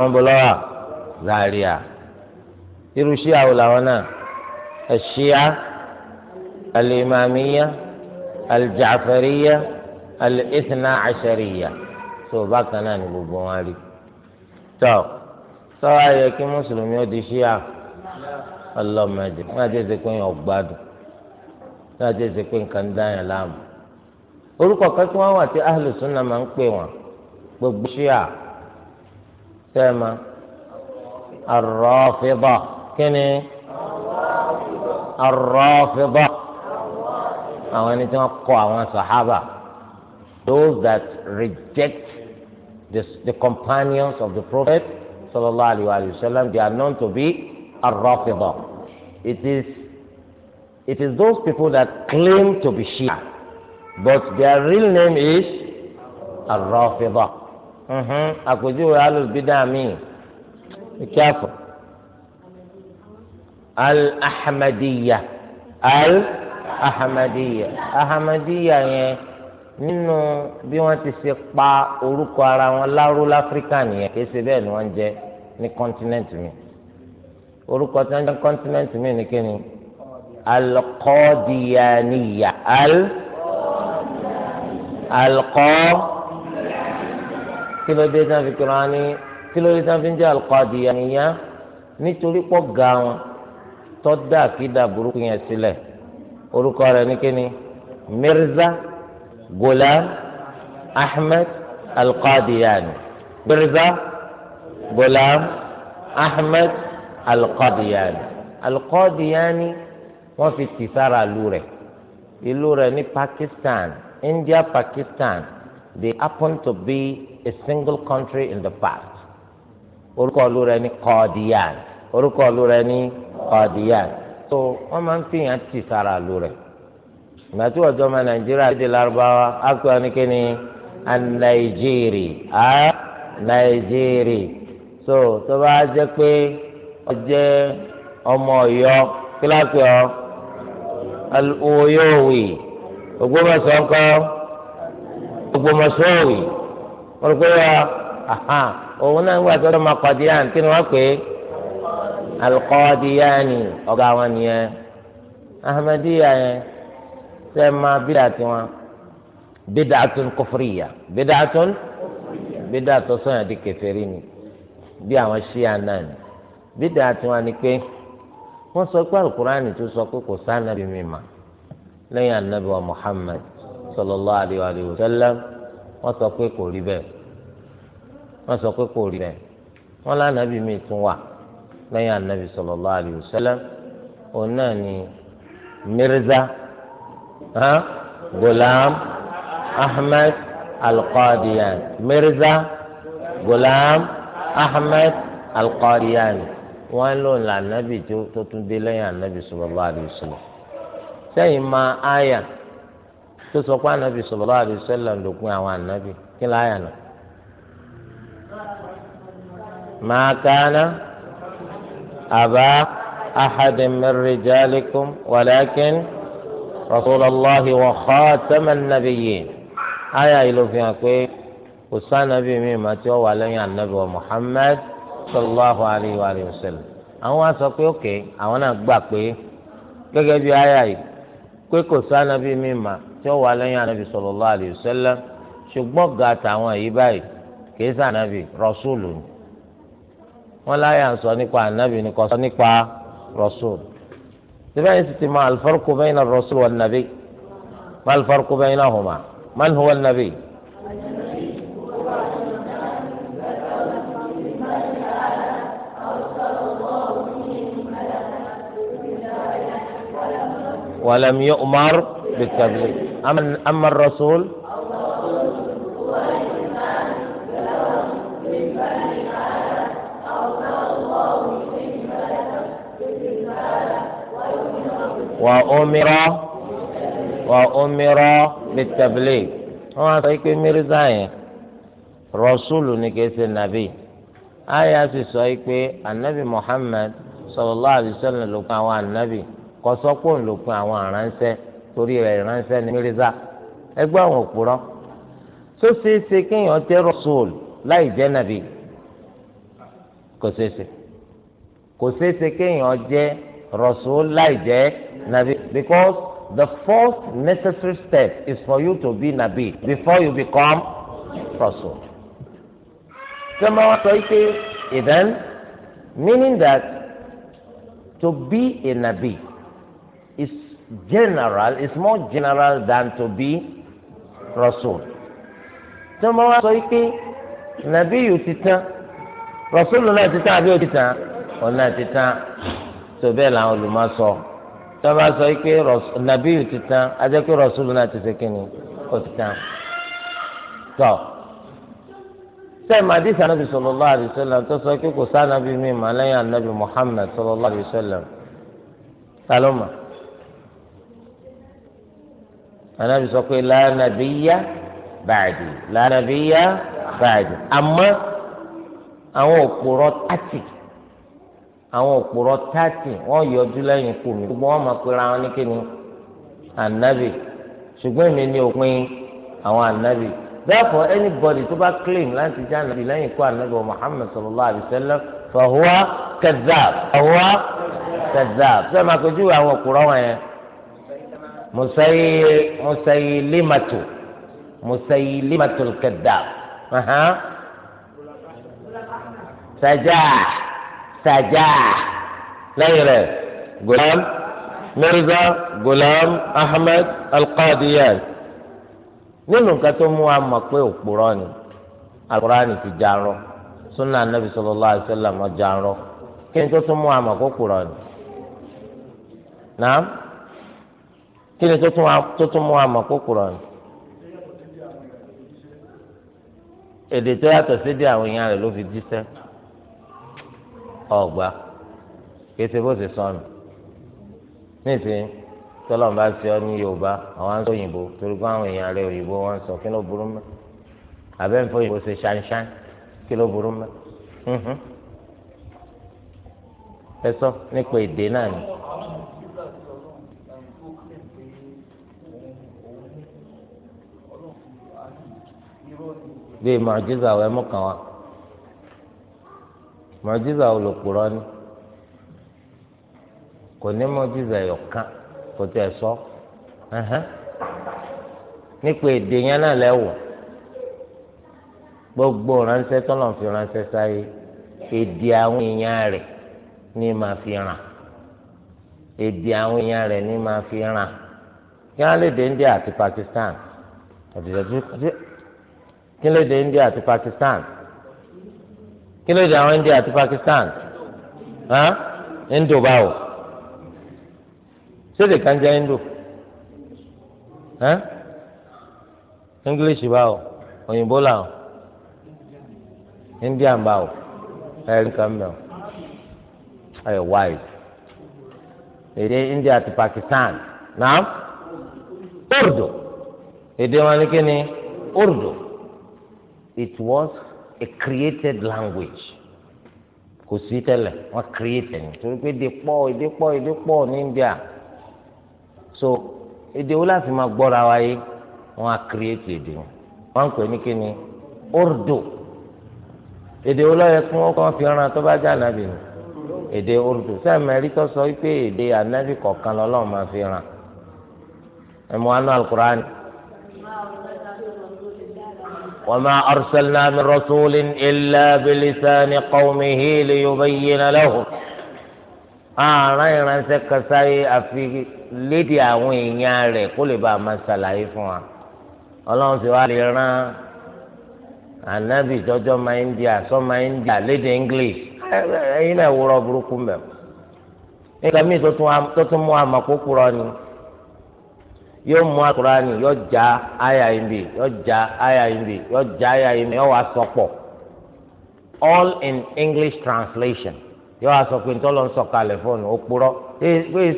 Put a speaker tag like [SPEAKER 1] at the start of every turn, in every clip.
[SPEAKER 1] wọn bọ lọ́wọ́ Zaria irú ṣíà wò làwọn náà ẹ̀ṣíà alimamiya aljafariya alithna ashariya tó bákan náà ni gbogbo wọn rí tó sọ́wọ́ ayẹ kí mùsùlùmí ó di ṣíà ọlọ́mọdé wọn àti ẹsẹ̀ pé yàn gbádùn wọn àti ẹsẹ̀ pé nǹkan dá láàmú orúkọ kan tí wà tí ahlùsùn náà máa ń pè wọ́n gbogbo ṣíà sẹ́ẹ̀mà arọ́fíbà kíni arọ́fíbà àwọn ẹni tí wọ́n those that reject the, the companions of the prophet صلى الله عليه وسلم, they are known to be arọ́fíbà it is it is those people that claim to be Shia but their real name is arọ́fíbà. Uh-huh. àpèjúwe alùbídà míì kí á fọ al-ahmadiyya al-ahmadiyya ahmadiyya yẹn nínú bí wọ́n ti ṣe pa orúkọ ara wọn láró láfíríkà nìyẹn kì í ṣe bẹ́ẹ̀ ni wọ́n jẹ́ ní kọ́ńtínẹ́ǹtì mi orúkọ tí wọ́n jẹ́ kọ́ńtínẹ́ǹtì mi nìkan ni alqadiyaniya al alqadiyaniya kí ló dé tán fi kí wọn ní kí ló dé tán fi ń jẹ́ Al-Qadiyaniyya nítorí pọ̀ ga wọn tọ́dà àkídà burúkú yẹn sílẹ̀ orúkọ rẹ̀ ní kíni Mirza Ghulam Ahmed Al-Qadiyani Mirza Ghulam Ahmed Al-Qadiyani Al-Qadiyani wọ́n fi tì sára ìlú ìlú rẹ̀ ní Pakistan India Pakistan they happen to be a single country in the past orúkọ ìlú rẹ̀ ní Qadian orúkọ ìlú rẹ̀ ní Qadian so wọ́n máa ń fi hàn tì sára ìlú rẹ̀ ìgbà tí ọjọ́ ọmọ Nàìjíríà ti di Lárúbáwá ápẹ́ ọ́nìkíní Nàìjíríì á Nàìjíríì so tó bá jẹ́ pé ọjẹ́ ọmọ Ọ̀yọ́ kíláàsì ọ Al-Oyowi Ògbómọ̀ṣọ́ ńkọ́. Ògbómọ̀ṣọ́ wọn rò pé òun náà ń gbà tó lọ́ máa kọ́díyàn kí ni wọ́n pè é alikọ́díyàní ọ̀gá wọn nìyẹn ahmadiyya yẹn sẹ́ máa bídà tiwọn bídà tún kófìrìyà bídà tún bídà tó sọ̀yà di kẹfẹ́rì ni bí àwọn ṣíà náà ni bídà tiwọn ni pé wọ́n sọ pé alukurani tó sọ pé kò sá anabi mi mà lẹ́yìn anabi Muhammad sallallahu alayhi wa sallam wọ́n sọ pé kò rí bẹ́ẹ̀ wọ́n sọ pé kò rí bẹ́ẹ̀ wọ́n lánàbí mi tún wà lẹ́yìn anabi sallallahu alaihi wasallam òun náà ni mirza gulam ahmed alqadiyan mirza gulam ahmed alqadiyan wọ́n lò lànàbí tó tún dé lẹ́yìn anabi sallallahu alaihi wasallam sẹ́yìn máa áyà tó sọ pé ànábì sallallahu alaihi wasallam lòpin àwọn ànábì kí láyà nà. ma kana aba ahadin min rijalikum walakin rasulallahi wa khataman nabiyyin. àyà yìí ló fi hàn pé kò sá ànábì mi mà tí ó wà lẹ́yìn ànábì wa Muhammad sallallahu alayhi wa sallam àwọn wa sọ pé ok àwọn náà gbà pé gẹ́gẹ́ bí àyà yìí pé kò sá ànábì mi mà tí ó wà lẹ́yìn anabi sallallahu alayhi wa sallam ṣùgbọ́n ga tàwọn yìí báyìí kìí sá anabi rọ́ṣùlù ni wọ́n láyà ń sọ nípa anabi ni kò sọ nípa rọ́ṣùlù síbẹ̀ yìí sì ti mọ al-farqu bayna ar-rasul wan-nabi ma al-farqu baynahuma man huwa an-nabi. ولم يؤمر بالتبليغ أما, أما الرسول وأمر وأمر بالتبليغ هو طريق مرزاية رسول نكيس النبي آية سيسويك النبي محمد صلى الله عليه وسلم لقاء النبي قصقون لقاء عن رنسه torí rẹ̀ ìránṣẹ́ ni mírízà ẹgbẹ́ àwọn òpùrọ́ tó ṣeé ṣe kéèyàn jẹ́ rọ́sùl láì jẹ́ nàbì kò ṣeé ṣe kò ṣeé ṣe kéèyàn jẹ́ rọ́sùl láì jẹ́ nàbì because the first necessary step is for you to be nàbì before you become rọ́sùl. sọ́mọ́ wọn sọ pé ìdán meaning that to be a nàbì general is more general than to be rasul tí wọn wá sọ pé nàbí yìí ti tán rasul náà ti tán àbí ó ti tán òun náà ti tán tó bẹ́ẹ̀ làwọn olùmọ̀ sọ tí wọn bá sọ pé nàbí yìí ti tán ajẹ́ pé rasul náà ti ṣe kíni ó ti tán tọ́ sẹ́yìn madisa anabi sallallahu alaihi wasallam tó sọ pé kò sá anabi mi mà lẹ́yìn muhammed sallallahu alaihi wasallam taló anabi sọ pé lánàbíyá báàdì lánàbíyá báàdì àmọ́ àwọn òpùrọ́ tààtì àwọn òpùrọ́ tààtì wọ́n yọjú lẹ́yìn ikú gbogbo wọn máa pera wọn ní kíni ṣùgbọ́n èmi ni òpin àwọn therefore anybody tó bá claim láti jẹ́ ànábì lẹ́yìn ikú sallallahu alayhi wa sallam fahuwa kadhab fahuwa kadhab sọ ma kojú àwọn wọn مسيلمة مسيلمة الكذاب saja saja lẹyìn rẹ gulam mirza gulam ahmed alqadiyan nínú nǹkan tó mú wa mọ̀ pé òpùrọ̀ ni alukurani ti jarọ sunna anabi sallallahu alaihi wasallam rọ kí ni tó tún mú wa mọ̀ pé òpùrọ̀ ni naam. kí ni tó tún mú àmọ́ kókòrò ni èdè tó yàtọ̀ sí di àwọn èèyàn rẹ̀ ló fi jíṣẹ́ ọ̀gbà kése bó ṣe sọnù nísìnyí tọ́lọ̀ bá ṣe ọ ní yorùbá àwọn aṣọ òyìnbó torí pé àwọn èèyàn rẹ̀ òyìnbó wọn sọ kí ló burú mọ́ àbẹ́ǹfọ́ òyìnbó ṣe ṣánṣán kí ló burú mọ́ ẹ sọ nípa èdè náà ni. bíi mọ̀jísà ọ̀ ẹ mú kàn wá mọ̀jísà olùkùrọ̀ ni kò ní mọ̀jísà ẹ̀yọ̀kan kò tẹ̀ sọ nípa èdè yẹn náà lẹ́wọ̀ gbogbo ránṣẹ́ tọ́lọ̀ fi ránṣẹ́ sáyé èdè àwọn èèyàn rẹ̀ ní máa fi ràn èdè àwọn èèyàn rẹ̀ ní máa fi ràn kí wọ́n lè dé India àti Pakistan kí ló India àti Pakistan kí ló àwọn India àti Pakistan Indo báwo ṣéde kan jẹ Indo English báwo òyìnbó làwọn Indian báwo ẹ nǹkan mẹ́wọ̀n ẹ wáyé èdè India àti Pakistan náà Urdu èdè wọn ni kí ni Urdu it was a created language kò sí tẹ́lẹ̀ wọ́n create ni torí pé èdè pọ̀ èdè pọ̀ èdè pọ̀ ní India so èdè wo láti máa gbọ́ra wa yé wọ́n á create èdè wọn wọ́n ń pè ní kí ni Urdu èdè wo lọ́yẹ kí wọ́n kàn fi ran tó bá jẹ́ ànábì ni èdè Urdu sẹ́mi ẹ̀rí tó sọ wípé èdè ànábì kọ̀ọ̀kan lọ́lọ́run máa fi ran ẹ̀mú anú Al-Qur'ani. وما أرسلنا من رسول إلا بلسان قومه ليبين لهم ààrùn ìránṣẹ́ kan sáyé àfi lédè àwọn èèyàn rẹ̀ kó lè bá a máa ṣàlàyé fún wa ọlọ́run sì wá lè rán ànábì jọjọ́ máa ń di àsọ́mà ń di àlédè English ẹ̀yin náà wúrọ̀ burúkú mẹ́rin nígbà míì tó tún mú àmọ́ kókó rọ ni yóò mú akurani yóò já àyà yìí bì yóò já àyà yìí bì yóò já àyà yìí bì yóò wá sọpọ̀ all in English translation yóò wá sọ pé ń tọ́lọ́ ń sọ kalẹ̀ fóònù ó kpọ́rọ́ pé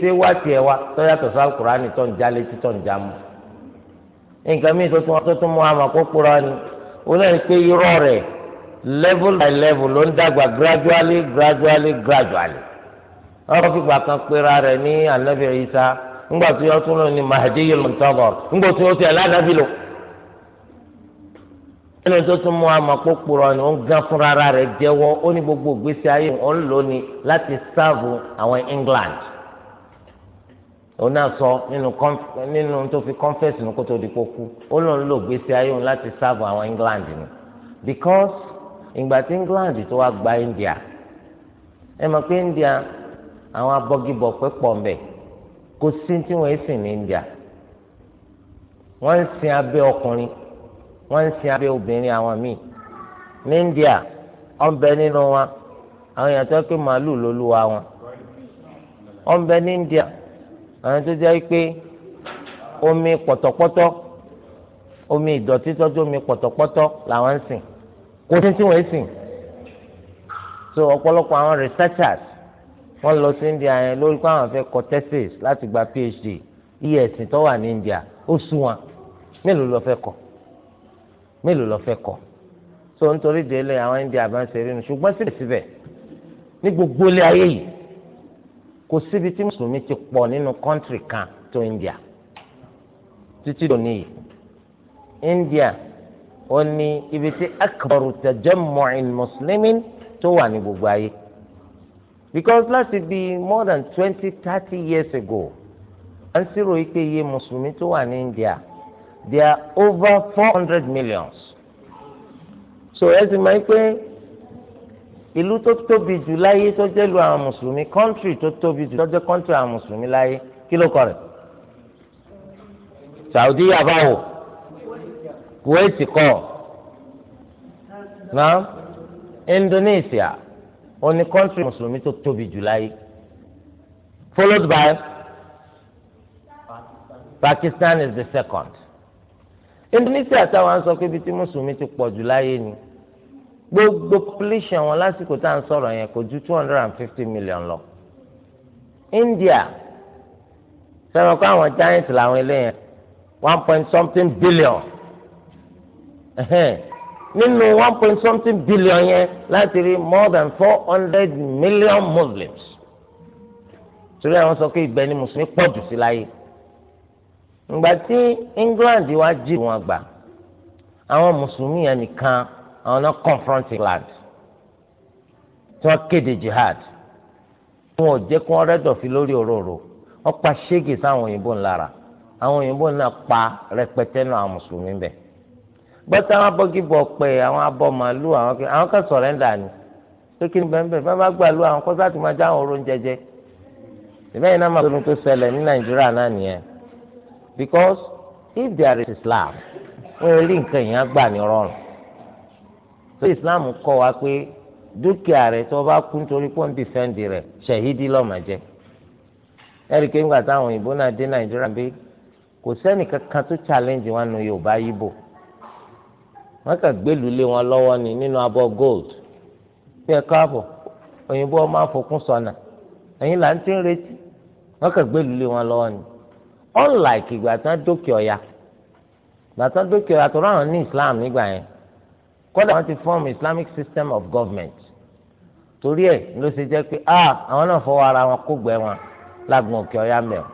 [SPEAKER 1] ṣé wá tiẹ̀ wá tó yàtọ̀ sí akurani tó ń já létí tó ń já mu nǹkan mi tó tún mú àmọ́ kó kpọ́rọ́ ni ó náà ń irọ́ rẹ̀ level by level ló ń dàgbà gradually gradually gradually wọ́n fi gbà kan pera rẹ̀ ní anabi isa. ńgbà tí wọ́n tún lọ ní mahadi al-muntazar ńgbà tí wọ́n ti aládàbí lò. ẹni tó tún mú amakó kpọrọ ni ó ń gán fúnra rẹ̀ jẹ́wọ́ ó ní gbogbo gbèsè ayé lò ní láti sáàbù England. òun náà sọ nínú tó fi confess ní kótó di kókú ó lò gbèsè ayé England ni because ìgbà tí England tó gba India ẹ mọ̀ pé India àwọn abọ́gibọ̀ pẹ́ pọ̀ kò sí tí wọ́n sìn ní India wọ́n ń sin abẹ́ ọkùnrin wọ́n ń sin abẹ́ obìnrin àwọn míì ní India ọ̀nbẹ nínú wọn àwọn èèyàn tó pé màálù lolúwa wọn ọ̀nbẹ ní India àwọn tó jẹ́ pé omi pọ̀tọ̀pọ̀tọ̀ omi ìdọ̀tí tọ́jú omi pọ̀tọ̀pọ̀tọ̀ làwọn ń sìn kò sí tí wọ́n sìn so ọ̀pọ̀lọpọ̀ àwọn researchers wọ́n lọ sí India yẹn lórí pé àwọn fẹ́ kọ thesis láti gba PhD iye ẹ̀sìn tó wà ní India ó sú wọn mélòó lọ fẹ́ kọ mélòó lọ fẹ́ kọ so nítorí délé àwọn India bá ń ṣe rí nu ṣùgbọ́n síbẹ̀síbẹ̀ ní gbogbo ilé ayé yìí kò síbi tí mùsùlùmí ti pọ̀ nínú kọ́ńtìrì kan tó India títí dòní yìí India ó ní ibi tí akbaru tajammu'in muslimin tó wà ní gbogbo ayé because láti bí more than twenty thirty years ago à ń sírò pé iye mùsùlùmí tó wà ní India they are over four hundred millions so ẹ sì máa ń pé ìlú tó tóbi jù láyé tó jẹ́ lu àwọn mùsùlùmí country tó tóbi jù tó jẹ́ country àwọn mùsùlùmí láyé kí ló kọ rẹ̀ Saudi abawo Kuwait kọ na Indonesia ó ní kọ́ńtírì mùsùlùmí tó tóbi jù láyé followed by Pakistan is the second Indonesia táwọn sọ pé ibi tí mùsùlùmí ti pọ̀ jù láyé ni gbogbo population wọn lásìkò tá à ń sọ̀rọ̀ yẹn kò ju two hundred and fifty million lọ India sọ̀rọ̀ kó àwọn giant làwọn eléyẹn one point something billion. nínú one point something billion yẹn láti rí more than four hundred million muslims torí àwọn sọ pé ibẹ̀ mùsùlùmí pọ̀ jù sí láyé ìgbà tí England wá jí wọn gbà àwọn mùsùlùmí yẹn nìkan àwọn náà confront England tí wọ́n kéde jihad wọn ò jẹ́ kí wọ́n rẹ́dọ̀fí lórí òróró wọ́n gbọ́tà àwọn abọ́gibọ̀ bụ àwọn abọ́ màálù àwọn kí àwọn kan sọ̀rẹ́ndà ni pékin bẹ́ẹ̀ bá bá gbàlú àwọn kọ́sá ti máa já àwọn oorun jẹjẹ ya náà máa tó tó ṣẹlẹ̀ ní nàìjíríà náà nìyẹn because if there is islam wọ́n rí nǹkan yẹn gbà ní rọrùn so islam kọ́ wa pé dúkìá rẹ̀ tó bá kú nítorí pọ́ǹ dìfẹ́ǹdì rẹ̀ ṣẹ̀hídì lọ́màjẹ́ ẹ̀rí pé ńgbà táwọn òyìnbó náà dé nàìjíríà bí kò tó challenge wọn nu wọ́n kà gbèlú lé wọn lọ́wọ́ ni nínú abọ́ gold bí ẹ káàbọ̀ òyìnbó ọmọ àfọkún sọnà ẹ̀yin là ń tí ń retí wọ́n kà gbèlú lé wọn lọ́wọ́ ni unlike ìgbà tán dókè ọ̀yà ìgbà tán dókè ọ̀yà tó ráhùn ní Islam nígbà yẹn kódà wọ́n ti form Islamic system of government torí ẹ̀ ló ṣe jẹ́ pé ah àwọn náà fọwọ́ ara wọn kó gbẹ wọn lágbọn òkè ọ̀yà mẹ́ọ̀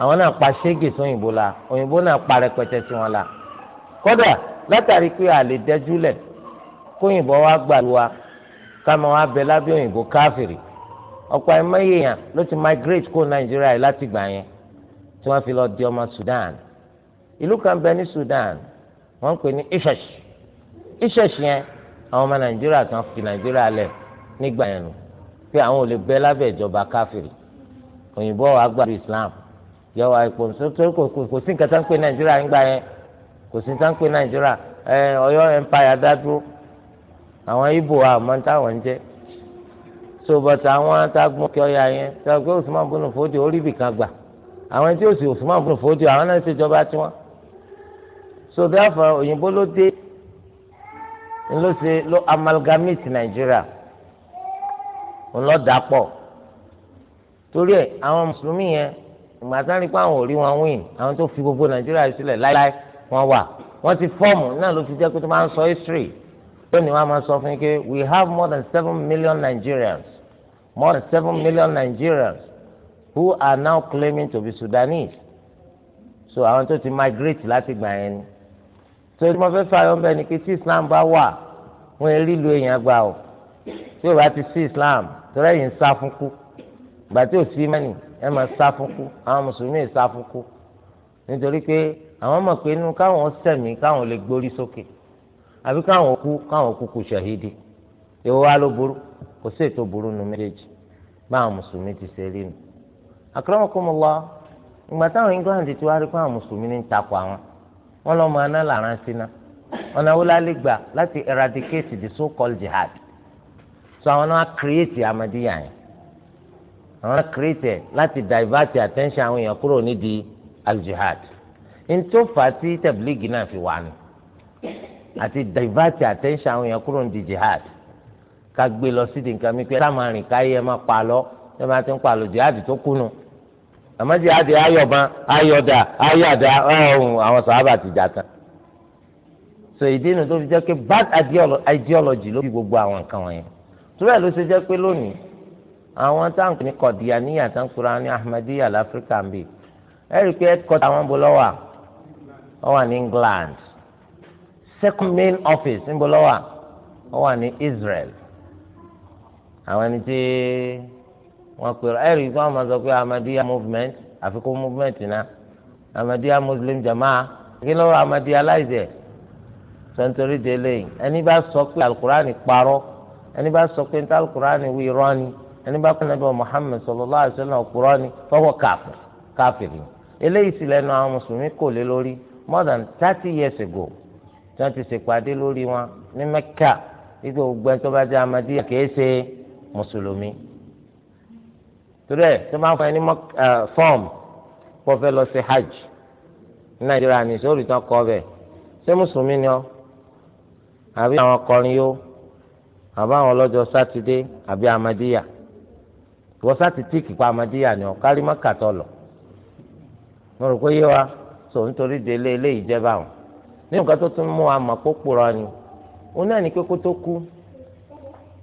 [SPEAKER 1] àwọn náà pa ṣége sí òyìnbó la òyìnbó náà pa rẹpẹtẹ sí wọn la kódà látàrí pé a lè dẹ́jú lẹ̀ kóyìnbó wa gbà wá káma wa bẹ lábẹ́ òyìnbó káfìrì ọ̀pọ̀ ẹ̀mọ́ yèèyàn ló ti migrate kó nàìjíríà yìí láti gbà yẹn tí wọ́n fi lọ di ọmọ Sudan ìlú kan bẹ ní Sudan wọ́n ń pè ní Ishesh Ishesh yẹn àwọn ọmọ nàìjíríà kan fi nàìjíríà lẹ̀ nígbà yẹn nù pé àwọn ò lè bẹ lábẹ́ ìjọba káfìrì òyìnbó wa gbà Islam yẹ wa ìpò nítorí kò sí nǹkan tó ń pè nàìjíríà ń yẹn kò sí sáà nàìjíríà ẹ Ọ̀yọ́ empire dádúró àwọn ibo àmọ́ táwọn jẹ so àwọn atagbọn kí ọyà yẹn sọ pé Usman fòdì orí ibìkan gbà àwọn tí ó sì fòdì àwọn náà ṣèjọba tiwọn so therefore òyìnbó ló dé ló ló amalgamate nàìjíríà ńlọdàpọ̀ torí ẹ àwọn mùsùlùmí yẹn ìgbà sáré pé àwọn ò rí wọn wíìn àwọn tó fi gbogbo nàìjíríà sílẹ̀ láéláé wọ́n wà wọ́n ti fọ́ọ̀mù náà ló fi jẹ́ pé tó máa ń sọ history lónìí wọ́n á máa sọ fún yín pé we have more than seven million Nigerians more than seven million Nigerians who are now claiming to be Sudanese so àwọn tó ti migrate láti gbà yẹn ni so tí mo fẹ́ fààyàn bẹ́ẹ̀ ni pé tí Islam bá wà wọ́n erí lu èèyàn gbà o tí o bá ti sí Islam tó rẹ̀ yìí ń sá fún kú ìgbà tí ò sí mẹ́nì ẹ máa sá fún kú àwọn mùsùlùmí sá fún kú nítorí pé àwọn mọ̀ pé inú káwọn sẹ̀mí káwọn lè gbórí sókè àbí káwọn kú káwọn kú kú ṣàhídì ìwọ wa ló burú kò sí ètò burú nu méjèèjì báwọn mùsùlùmí ti ṣe rí nu. akramakumullah ìgbà táwọn England ti wá rí pé àwọn mùsùlùmí ní ń takò àwọn wọn lọ́ máa ná làrán síná ọ̀nà wo la lè gbà láti eradicate the so called jihad so àwọn náà create amadiya yẹn àwọn náà create láti divert attention àwọn èèyàn kúrò nídìí al-jihad ntó fà tí tẹ̀blígì náà fi wà nù àti divert attention àwọn èèyàn kúrò ní di jihad ká gbé lọ sí di nǹkan mi pé táwọn arìn káyé ẹ má pa lọ ẹ má ti ń pa lọ jihad tó kúnu àmọ́ jihad ayọ̀bọ̀n ayọ̀dà ayọ̀dà ọ̀hún àwọn sàhábà ti jà tán so ìdí inú tó fi jẹ́ pé bad ideology ló fi gbogbo àwọn nǹkan wọ̀nyẹn túbẹ̀ ló ṣe jẹ́ pé lónìí àwọn táǹkì ní kọ̀díyà níyà táǹkì ra ní Ahmadiyya láfíríkà ń bì ẹ̀rí pé ẹ̀kọ́ àwọn bó lọ́wọ́ à ó wà ní England second main office níbo ló wà ó wà ní Israel àwọn ẹni tí wọ́n pè ẹ rí i fún àwọn sọ pé Ahmadiyya movement àfikún movement náà amadiya Muslim Jamaa. kí ló wà Ahmadiyya láìsẹ̀ sọ́ńtórí délé yìí ẹni bá sọ pé alukurani parọ́ ẹni bá sọ pé ní alukurani wí irọ́ ni ẹni bá kọ́ nàbẹ́ Muhammad sallallahu alaihi wasallam ọ̀pọ̀rọ̀ ni fọwọ́ káfíìn eléyìí sì lẹ́nu àwọn mùsùlùmí kò lé lórí more than thirty years ago tí wọ́n ti ṣèpàdé lórí wọn ní Mẹ́kà wípé gbogbo ẹni tó bá jẹ́ amadíyà kìí ṣe mùsùlùmí torí ẹ̀ tó máa fọ ẹni fọ́ọ̀mù kó fẹ́ lọ sí hajj ní Nàìjíríà ní sórí tán kọ́ bẹ̀ ṣé mùsùlùmí ni ọ́ àbí àwọn ọkọrin yó àbí àwọn ọlọ́jọ́ sátidé àbí amadíyà wọ́n sátidé kìpa amadíyà ni ọ́ kárí Mẹ́kà tó lọ mo rò pé yé wa. so nítorí délé eléyìí jẹba o nínú nǹkan tó tún mú wa mọ̀ pópó ni òun náà ní kókó tó kú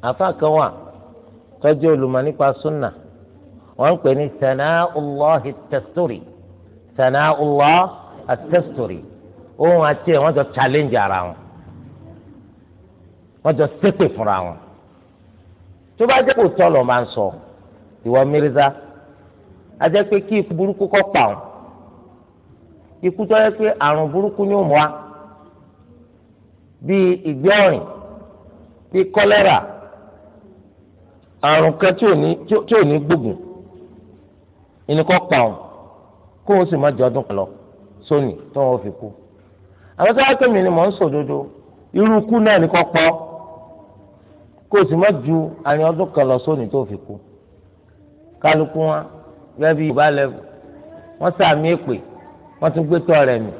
[SPEAKER 1] àfa kan wà tọ́jú olùmọ̀ nípa súnà wọ́n ń pè ní sanaullahi tasturi àti jọ challenge ara wọn wọ́n jọ ṣépè fúnra wọn tó bá jẹ́ kó tọ́ lọ́ máa ń sọ ìwọ a jẹ́ pé kí burúkú kọ́ pa ọ́n. ikú tó yẹ pé àrùn burúkú ni ó mú wa bíi ìgbẹ́ ọ̀rìn bíi kọ́lẹ́rà àrùn kan tí ò ní gbógun ìníkọ́ pa òun kó o sì má jẹ ọdún kan lọ sóni tó wọn fi kú àwọn tó wá pè mí ni mò ń sòdodo irú ikú náà ní kọ́ pọ́ kó o sì má ju àyàn ọdún kan lọ sóni tó fi kú kálukú wọn gẹ́gẹ́ bí yorùbá lẹ́wọ̀ wọ́n sàmì èpè. wọ́n tún gbé tọ́ rẹ̀ mì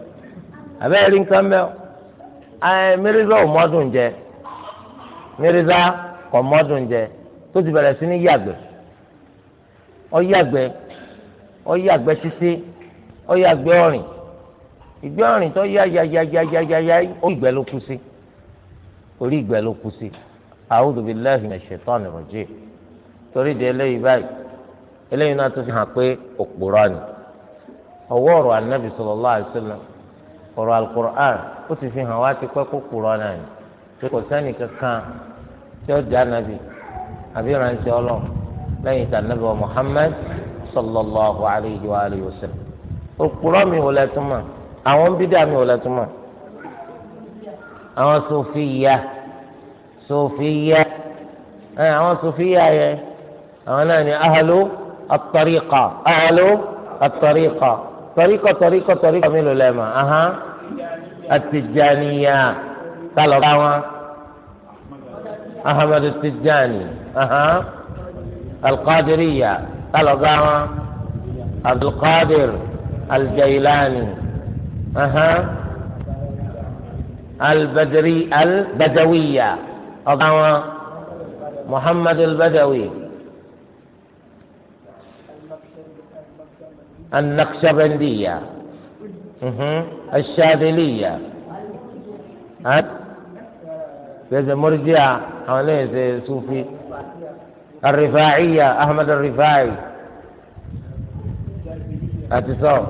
[SPEAKER 1] àbẹ́ nǹkan ẹ ò mọ́dún jẹ kò jẹ tó ti bẹ̀rẹ̀ sí ní yàgbẹ́ ọ yàgbẹ́ ó yàgbẹ́ títí ó yàgbẹ́ ọ̀rìn ìgbẹ́ ọ̀rìn tó yá yáyáyáyáyá orí ìgbẹ́ ló kú sí orí ló kú sí torí eléyìí báyìí eléyìí náà tó fi hàn pé ni. ọwọ́ ọ̀rọ̀ anabi sallallahu alaihi wasallam ọ̀rọ̀ alukur'an ó ti fi hàn wá ti pẹ́ kó kúrọ̀ náà ni pé kò sẹ́ni kankan tí ó jẹ́ anabi àbí ìránṣẹ́ ọlọ́run lẹ́yìn tí anabi wa muhammad sallallahu alayhi wa alihi wa sallam òkúrọ̀ mi wò lẹ́tùmọ̀ àwọn bídà mi wò lẹ́tùmọ̀ àwọn sofiya sofiya ẹ àwọn sofiya yẹ àwọn náà ni ahalo at ahalo at tọ̀ríkọ̀ tọ̀ríkọ̀ tọ̀ríkọ̀ mélòó lẹ́ẹ̀mà ahán àtìjànìyà kálọ̀ bá wọn ahamadu tijani ahán alqadiriya kálọ̀ bá wọn abdulqadir aljailani ahán albadri albadawiya ọba wọn muhammadu albadawi. النقشبندية الشاذلية
[SPEAKER 2] هذا
[SPEAKER 1] مرجع حواليه صوفي الرفاعية أحمد الرفاعي اتصال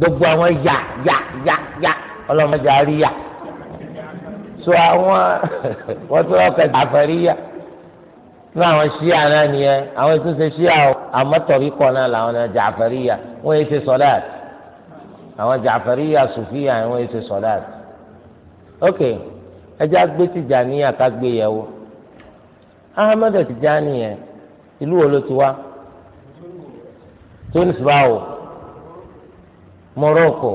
[SPEAKER 1] gbogbo àwọn yà yà yà yà ọlọmọdé àríyà so àwọn wọn tún ọkọ àfẹríyà ní àwọn ṣíà náà nìyẹn àwọn ètò ṣe ṣíà o àmọ́ tọ̀rí kọ́ náà làwọn náà jàfẹ́ríyà wọ́n yé ṣe sọ́láàt àwọn jàfẹ́ríyà sùfíà wọ́n yé ṣe sọ́láàt. ok ẹja gbé Tìjàníyà ká gbé yẹ̀ wò Ahmed Tìjàní yẹn ìlú wo ló ti wá Tunis báwo Morocco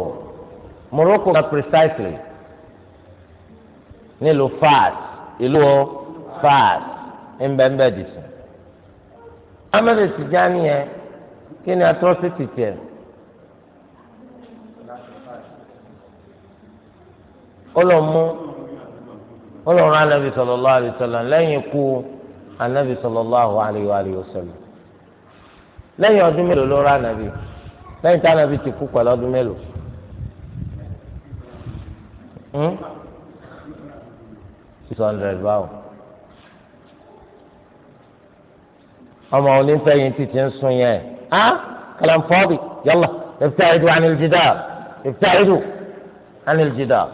[SPEAKER 1] Morocco na precisely nílùú Fas ìlú o ńbẹ́ńbẹ́ dì sùn. amẹ́lẹ̀ Tìjání yẹn kí ni atrocity tiẹ̀. ọlọ́mú ọlọ́run anabi sallallahu alaihi lẹ́yìn ikú anabi sallallahu alaihi wa sallam lẹ́yìn ọdún mélòó ló rà anabi lẹ́yìn tí anabi ti kú pẹ̀lú ọdún mélòó 600 hmm? ọmọ onífẹ̀yìn ti ti ń sun yẹn á kalam fọ́ọ̀bì yálà ibta'idu anil jidar ibta'idu anil jidar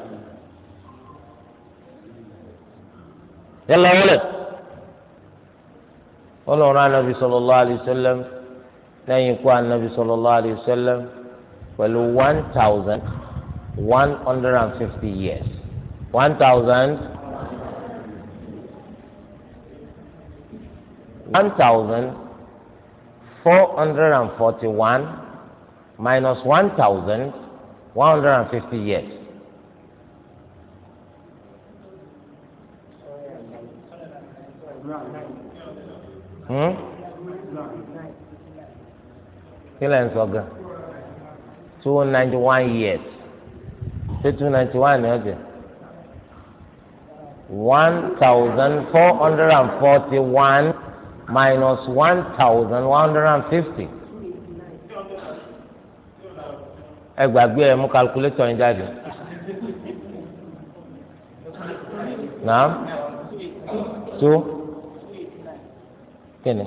[SPEAKER 1] yálà wọlé ọlọ́run anabi sallallahu alayhi wa sallam lẹ́yìn ikú anabi sallallahu alayhi wa sallam pẹ̀lú one thousand one hundred and fifty years one thousand. one thousand four hundred and forty-one minus one thousand one hundred and fifty years. Hmm? Kílẹ̀ ń Two ninety one years. Say ninety eh, one ni and forty one. minus one thousand one hundred and fifty. ẹ gbàgbé ẹ mú calculator yín jáde. naam two kini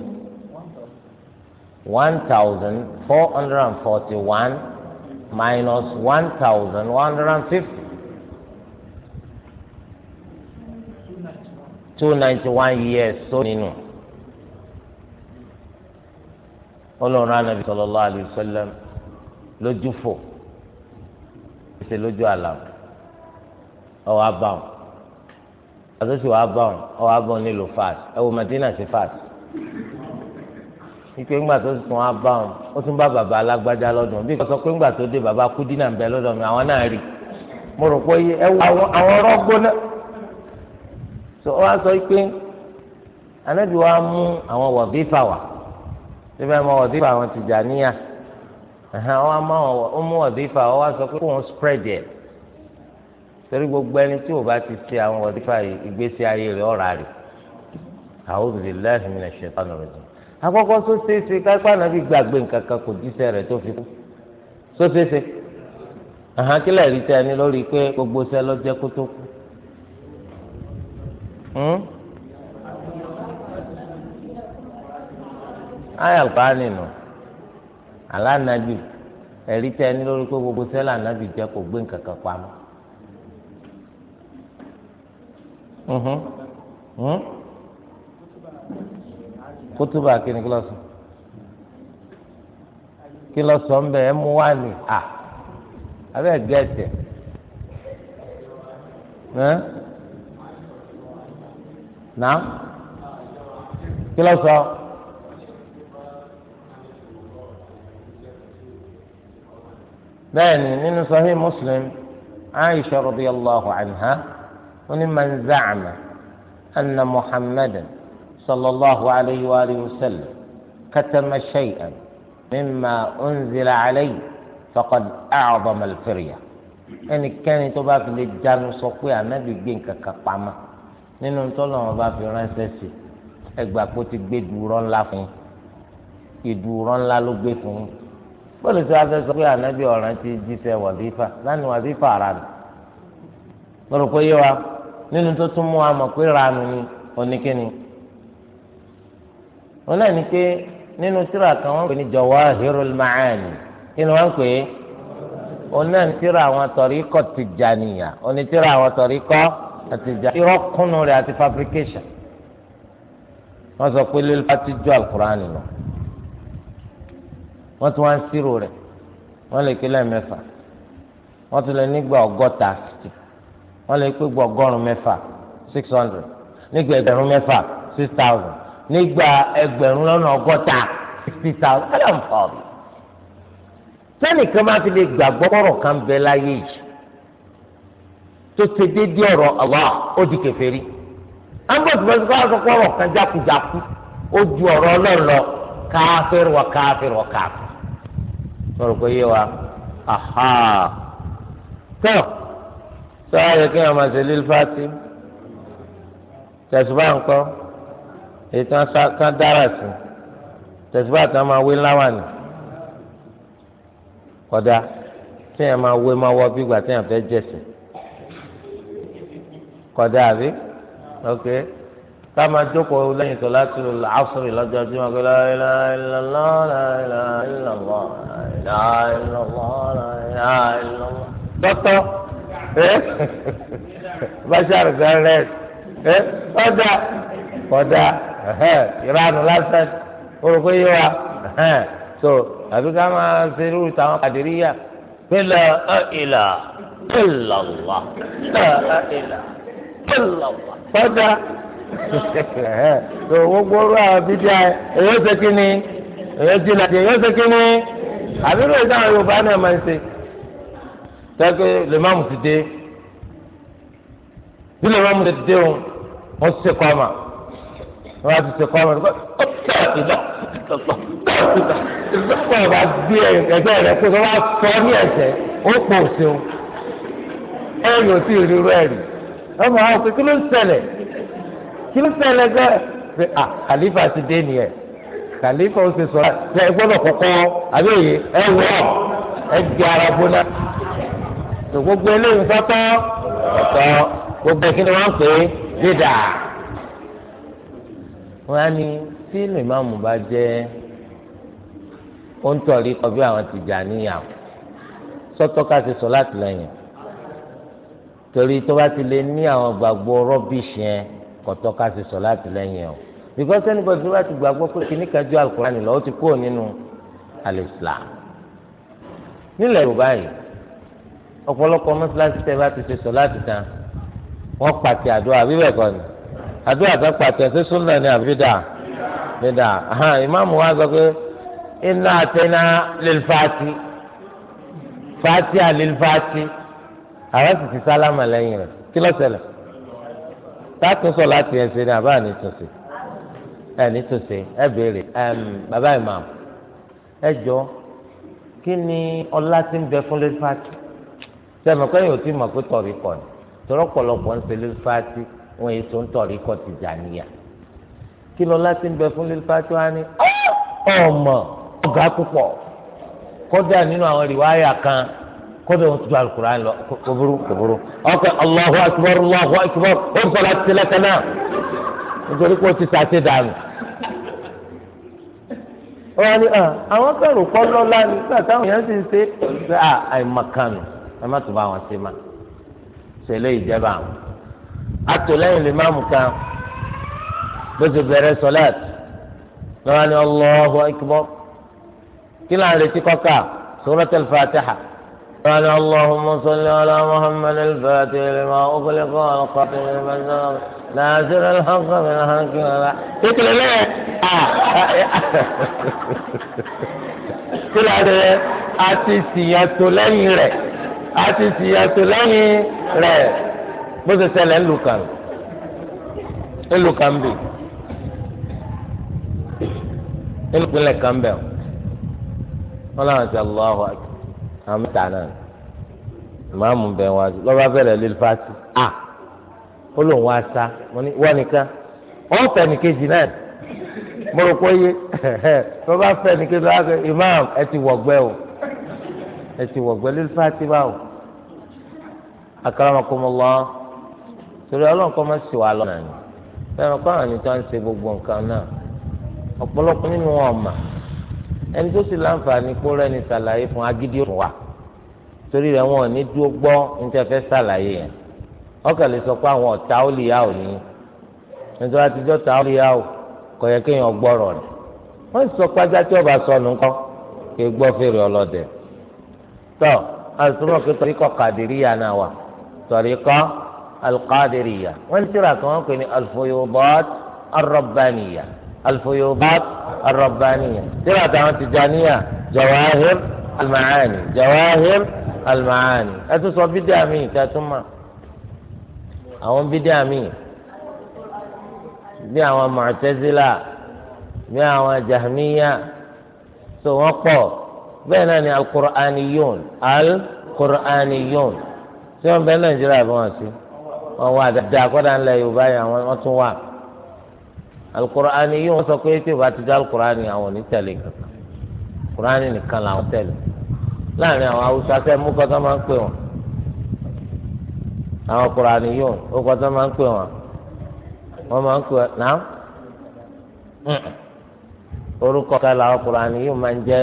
[SPEAKER 1] one thousand four hundred and forty one minus one thousand one hundred and fifty. two ninety one years so nínú. know. ọlọ́run anabi sallallahu alayhi wa sallam lójú fò ṣe lójú àlà ọwọ́ abáwọn àtúnṣe wàá báwọn ọwọ́ abáwọn nílò fàt ẹwọ Madina sí fàt ìpè ńgbà tó tún wàá báwọn ó tún bá bàbá alágbájá lọ́dún bí kò sọ pé ńgbà tó dé bàbá kúdínà ń bẹ lọ́dọ̀ mi àwọn náà rí mo rò pé ẹwọ àwọn rọgbó náà tó wàá sọ pé anabi wàá mú àwọn wàbí fà wàá síbẹ̀ mọ wọ̀dífà àwọn Tìjàníyà ẹ̀hán wọn mọ ọ mú wọ̀dífà ọ wá sọ pé kóun spread ẹ̀ torí gbogbo ẹni tí ò bá ti ṣe àwọn wọ̀dífà ìgbésí ayé rẹ̀ ọ̀rà rẹ̀ a'udhu billahi minash shaitanir rajim àkọ́kọ́ tó ṣe é ṣe kápá náà fi gbàgbé nǹkan kan kò jíṣẹ́ rẹ̀ tó fi kú tó ṣe é ṣe àhán kí lẹ́ẹ̀rí tẹ́ ẹni lórí pé gbogbo ṣẹ́ lọ́jẹ́ kó tó kú. Hmm? ayé alukóhánì nù alánàbì ẹ̀rí tẹ ẹni lórí pé gbogbo sẹ́lá ànábì jẹ́ kó gbé nǹkan kan pamọ́. kótóbà kí ni kí lọ sọ kí lọ sọ ẹ bẹ́ẹ̀ni nínú sahih muslim aisha radiyallahu anha wọn ni man za'ama anna muhammadan sallallahu alayhi wa alihi wa sallam katama shay'an mimma unzila alayhi faqad a'zama al-firya ẹnikẹ́ni tó bá fi lè jánu sọ pé ànábì gbé nǹkan kan pamọ́ nínú tọ́lọ́wọ́n bá fi ránṣẹ́ sí ẹgbàá kó ti gbé dùúrọ́ ńlá fún yín ìdùúrọ́ ńlá ló gbé fún yín bọ́ọ̀lù tí wàá fẹ́ sọ pé ànábì ọ̀ràn ti jíṣẹ́ wàbífà lánàá wàbífà ara nù mo rò pé yé wa nínú tó tún mú wa mọ̀ pé ranu ni oníkíni wọn náà ní pé nínú tírà kan wọn pè ní Jawahirul Ma'ani kí ni wọn pè é wọn náà ní tírà àwọn tọ̀ríkọ̀ Tijaniyya oní tírà àwọn tọ̀ríkọ̀ Tijaniyya irọ́ kúnnú rẹ̀ àti fabrication wọn sọ pé lílùpàtì jọ àlùkùránì nù. wọ́n ti wá sírò rẹ̀ wọ́n lè pé lẹ́ẹ̀mẹ́fà wọ́n ti lè nígbà ọgọ́ta wọ́n lè pé gbọ̀gọ́rùn mẹ́fà six hundred nígbà ẹgbẹ̀rún mẹ́fà six thousand nígbà ẹgbẹ̀rún lọ́nà ọgọ́ta sixty thousand ẹ̀dá ń máa fi lè kan bẹ láyé yìí tó ọ̀rọ̀ ó di kèfèrí. ambos bẹ́sẹ̀ kọ́ sọ̀rọ̀ pé yé wa aha tó sọ́wọ́ yẹ kí wọ́n máa ṣe lílfàtì tẹ̀síbá ńkọ́ èyí tí wọ́n kán dára sí tẹ̀síbá tí wọ́n máa wé láwàní kọ́dá tí máa wé máa wọ́ bí ìgbà tí fẹ́ jẹ̀sìn kọ́dá àbí ok. táwọn àjókòó lẹ́yìn sọ̀lá tó lọ àṣírí lọ́jọ́ tí wọ́n gbé la ilaha illallah la ilaha illallah la ilaha illallah la ilaha illallah. dọ́tọ́ bashar garnet ọ̀dà ọ̀dà ìranu lásán orúkọ yìí wa so àbí ká máa ṣe irú táwọn kàdíríyà pé la ilaha illallah la ilaha illallah ọ̀dà. tó gbogbo ọ̀rọ̀ àwọn bíbí èyí ṣe kí ni èyí ti nàdí èyí ṣe kí ni àbílẹ̀ ìdáhùn yorùbá náà máa ń ṣe tẹ́kẹ́ lèmọ́mù ti dé bí lèmọ́mù ti dé o wọ́n ṣe kọ́ wọ́n ti ṣe kọ́ ìdá kí ló ṣẹlẹ̀ bẹ́ẹ̀ ṣe à kàlífà ti dé nìyẹn kàlífà ó ṣe sọ̀rọ̀ ṣe ẹ gbọ́dọ̀ kọ́kọ́ àbẹ́yẹ ẹ wọ̀ ẹ di ara bóná tó gbogbo eléyìí sọ́tọ́ ọ̀tọ́ gbogbo kí ni wọ́n pè é dídà wọ́n á ní tí lèmọ́ọ̀mù bá jẹ́ ó ń tọ̀rí kọ bí àwọn Tìjàníyà sọ́tọ́ ká ṣe sọ láti lẹ́yìn torí tó bá ti lè ní àwọn gbàgbọ́ rọ́bìṣì kọ̀tọ́ ká ṣe sọ láti lẹ́yìn o because anybody tó bá ti gbàgbọ́ pé kìíní kan ju alukurani lọ ó ti kúrò nínú alislam nílẹ̀ yorùbá yìí ọ̀pọ̀lọpọ̀ mọ́sálásí tẹ́ bá ti ṣe sọ láti tán wọ́n pàtẹ àdúrà àbí bẹ́ẹ̀ kọ́ ni àdúrà tó pàtẹ ṣé súnà ni àbí dà ní dà ìmáàmù wa sọ pé iná àtẹná lilfati fati àlilfati àwọn sì ti sálámà lẹ́yìn rẹ̀ kí ló ṣẹlẹ̀
[SPEAKER 2] sátúnsọ láti ẹsẹ ní àbá
[SPEAKER 1] ànítúnṣe ànítúnṣe ẹ béèrè bàbá imam ẹ jọ kí ni ọlá ti ń bẹ fún lẹ́fàtì sẹ́mi kọ́ yóò ti mọ̀ pé tọ̀rí kọ̀ ni tọ́rọ pọ̀lọpọ̀ ń ṣe lẹ́fàtì wọn èyí tó ń tọ̀rí kọ̀ ti jà níyà kí lọ́lá ti ń bẹ fún lẹ́fàtì wa ni ọmọ ọ̀gá púpọ̀ kódà nínú àwọn rìwáyà kan kódà wọn ti ju alukur'an lọ kóburu kóburu ọkọ Allahu akbar Allahu akbar ó ń sọlá tilẹ̀ kaná nítorí pé ó ti sàṣẹ dànù. wọ́n ní àwọn kẹrù kọ́ lọ́la nígbà táwọn èèyàn sì ń ṣe ṣe àìmọ̀kànnù ẹ má tún bá wọn ṣe má ṣẹlẹ̀ ìjẹba àwọn. atòlẹ́yìn lè má mú kan bó ti bẹ̀rẹ̀ sọlẹ́t lọ́wọ́ ni Allahu akbar kí láǹrẹ̀ tí kọ́ka suratul Fatiha. قال اللهم صل على محمد الفاتح لما اخلق والخاتم المزار ناصر الحق من حق ولا تكل لا كل هذا اتي سيات لن ر اتي سيات لن ر بس سال لوكان لوكان بي لوكان كامبل الله اكبر àwọn mẹ́ta náà ìmáàmù bẹ̀ wá sí lọ́ba bẹ̀rẹ̀ lè fa sí a ó lòun wá sá wọ́n nìkan wọ́n fẹ́ nìkejì náà mo rò pé yé lọ́ba fẹ́ nìkejì náà ìmáàmù ẹ ti o ẹ ti wọ̀gbẹ́ lè fa sí báwo akaramakomola torí ọlọ́run kọ́ máa ṣe wà lọ́nà ni fẹ́ràn kọ́ àwọn ènìyàn tó ń ṣe gbogbo nǹkan náà ọ̀pọ̀lọpọ̀ nínú wọn ẹni tó sì láǹfààní kpọ́rọ́ ẹni sàlàyé fún agídí òtún wa torí rẹ̀ wọn ò ní dúró gbọ́ níta-fẹ́ sàlàyé yẹn ọkàn lè sọ pé àwọn ọ̀tá ó lè yá ò ní nítorí àtijọ́ ta ó lè yá ò kọ̀ yẹ kéèyàn gbọ́rọ̀ rẹ̀ wọ́n sọ pé tí ọba sọnù ńkọ́ kí gbọ́ fèrè ọlọ́dẹ tọ́ àtúntò pé tọ́ríkọ̀ kàdìríyà náà wà tọ́ríkọ̀ alqadiriya wọ́n ti rà kí wọ́n pè ní alfoyobat arọ̀bániyà alfoyobat الربانية ترى تعمل تجانية جواهر المعاني جواهر المعاني أتصل بدأ مين تاتما àwọn bídíà míì bí àwọn Mu'tazila bí àwọn Jahmiya tó wọ́n pọ̀ bẹ́ẹ̀ náà ni al-Qur'aniyun al-Qur'aniyun tí wọ́n bẹ Nàìjíríà bí wọ́n sí wọ́n wà dáadáa kọ́dà ńlẹ̀ Yorùbá yẹn wọ́n tún wà alukur'ani yìí wọ́n sọ pé tí o bá ti dá alukur'ani àwọn ò ní tẹ̀lé kankan kur'ani nìkan làwọn tẹ̀lé láàrin àwọn haúsá fẹ́ mú kọ́tọ́ máa ń pè wọ́n àwọn kur'ani yìí ó kọ́tọ́ máa ń pè wọ́n wọ́n máa ń pè wọ́n náà orúkọ kan làwọn kur'ani yìí máa ń jẹ́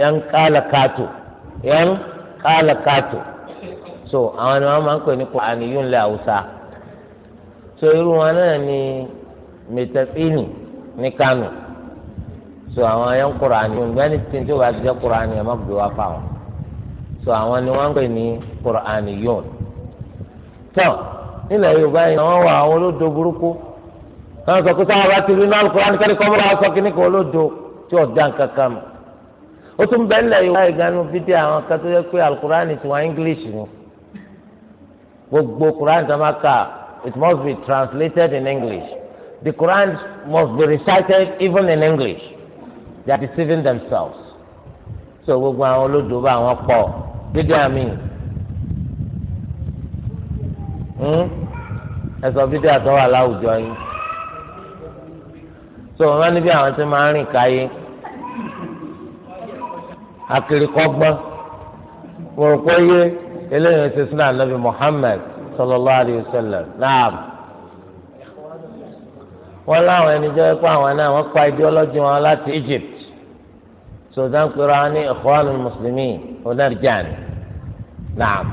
[SPEAKER 1] yẹn kálá kàtó yẹn kálá kàtó so àwọn ni wọ́n máa ń pè ní kur'ani yìí ń lẹ haúsá so irú wọn náà ni mẹtẹsínì ní kánò so àwọn ayé ń kúránì ọ̀gbẹ́ni tí tó bá ti jẹ́ kúránì ẹ̀ má gbé wá fáwọn so àwọn ni wọ́n ń pè ní kúránì yóò tán nílẹ̀ yorùbá yìí wọ́n wà àwọn olódo burúkú wọ́n sọ pé sáwọn bá ti rí náà kúránì kẹ́ni kọ́ mọ́ra sọ kíní kan olódo tí ò dán kankan mọ́ ó tún bẹ́ẹ̀ nílẹ̀ yorùbá yìí ganu fídíò àwọn kan yẹ pé alukúránì tiwọn english ni gbogbo kúránì tó máa kà it must be translated in english the Quran must be recited even in English. They are deceiving themselves. So gbogbo àwọn olódòwò àwọn pọ̀ dídí àmì. Hmm? Ẹ sọ bídí àtọ́wà láwùjọ yìí. So wọ́n níbi àwọn tí máa ń rìn káyé. Akirikọ́gbọ́n. Mo rò pé yé eléyìí ti sinmi ànábì Muhammad sallallahu alayhi wa sallam wọn láwọn ẹni jẹ́ pé àwọn náà wọ́n pa ideology wọn láti Egypt sudan pera ní Ikhwanul Muslimin onarjan naam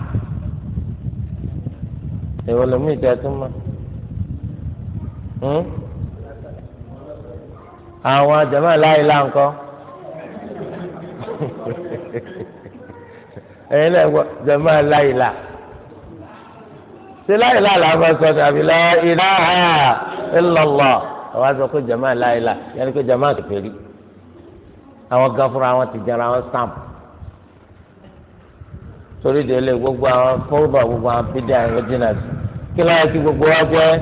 [SPEAKER 1] èwo lomi ìtẹ́tùmọ́ hmm? àwọn jama láyé láǹkọ́ ẹ̀yin náà gbọ́ jama láyé la ṣe láyé la làwọn sọ tàbí láyé láhà illallah àwọn àti ọkọ jama láìla yẹni pé jama kèfèrí àwọn gan fúnra wọn ti jẹrọ àwọn stamp torí délé gbogbo àwọn fọwọ́bà gbogbo àwọn bídẹ́ àwọn jìnnàsì kí ló yẹ kí gbogbo wa jẹ́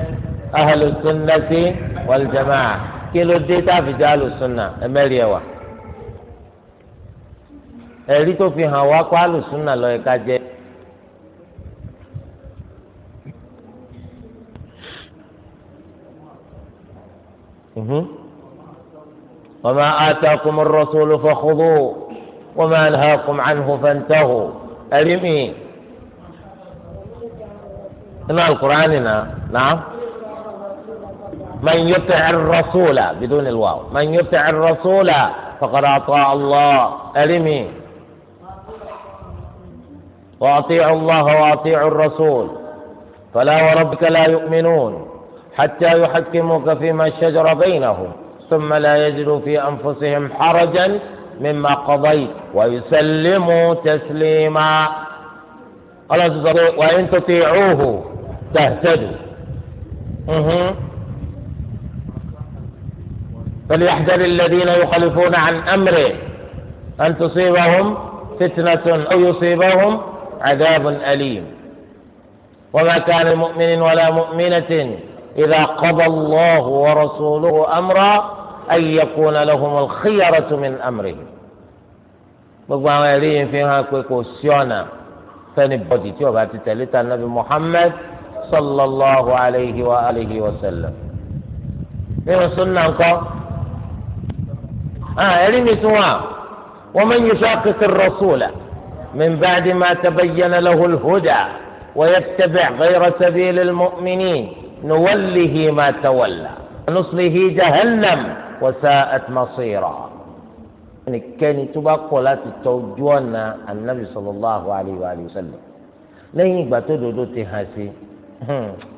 [SPEAKER 1] ahlus sunnati wal jamaa kí ló dé táfìjà ahlus sunna ẹ̀mẹ́rì ẹ̀wà ẹ̀rí tó fi hàn wá kó ahlus sunna lọ́ọ́ ẹ̀ka وما آتاكم الرسول فخذوه وما أنهاكم عنه فانتهوا أرمي هنا القرآن هنا نعم من يطع الرسول بدون الواو من يطع الرسول فقد أطاع الله أرمي وأطيعوا الله وأطيعوا الرسول فلا وربك لا يؤمنون حتى يحكموك فيما شجر بينهم ثم لا يجدوا في أنفسهم حرجا مما قضيت ويسلموا تسليما وإن تطيعوه تهتدوا فليحذر الذين يخالفون عن أمره أن تصيبهم فتنة أو يصيبهم عذاب أليم وما كان مؤمن ولا مؤمنة إذا قضى الله ورسوله أمرا أن يكون لهم الخيرة من أمرهم بقوا عليهم فيها كوكوسيونا ثاني بودي تيوب النبي محمد صلى الله عليه وآله وسلم من سنة آه علمي سواء ومن يشاقق الرسول من بعد ما تبين له الهدى ويتبع غير سبيل المؤمنين نوله ما تولى نصله جهنم وساءت مصيرا ẹnikẹ́ni tó bá kọ̀ láti tọ ojú ọ̀nà anabi sallallahu alayhi wa sallam lẹ́yìn ìgbà tó dodo ti hàn sí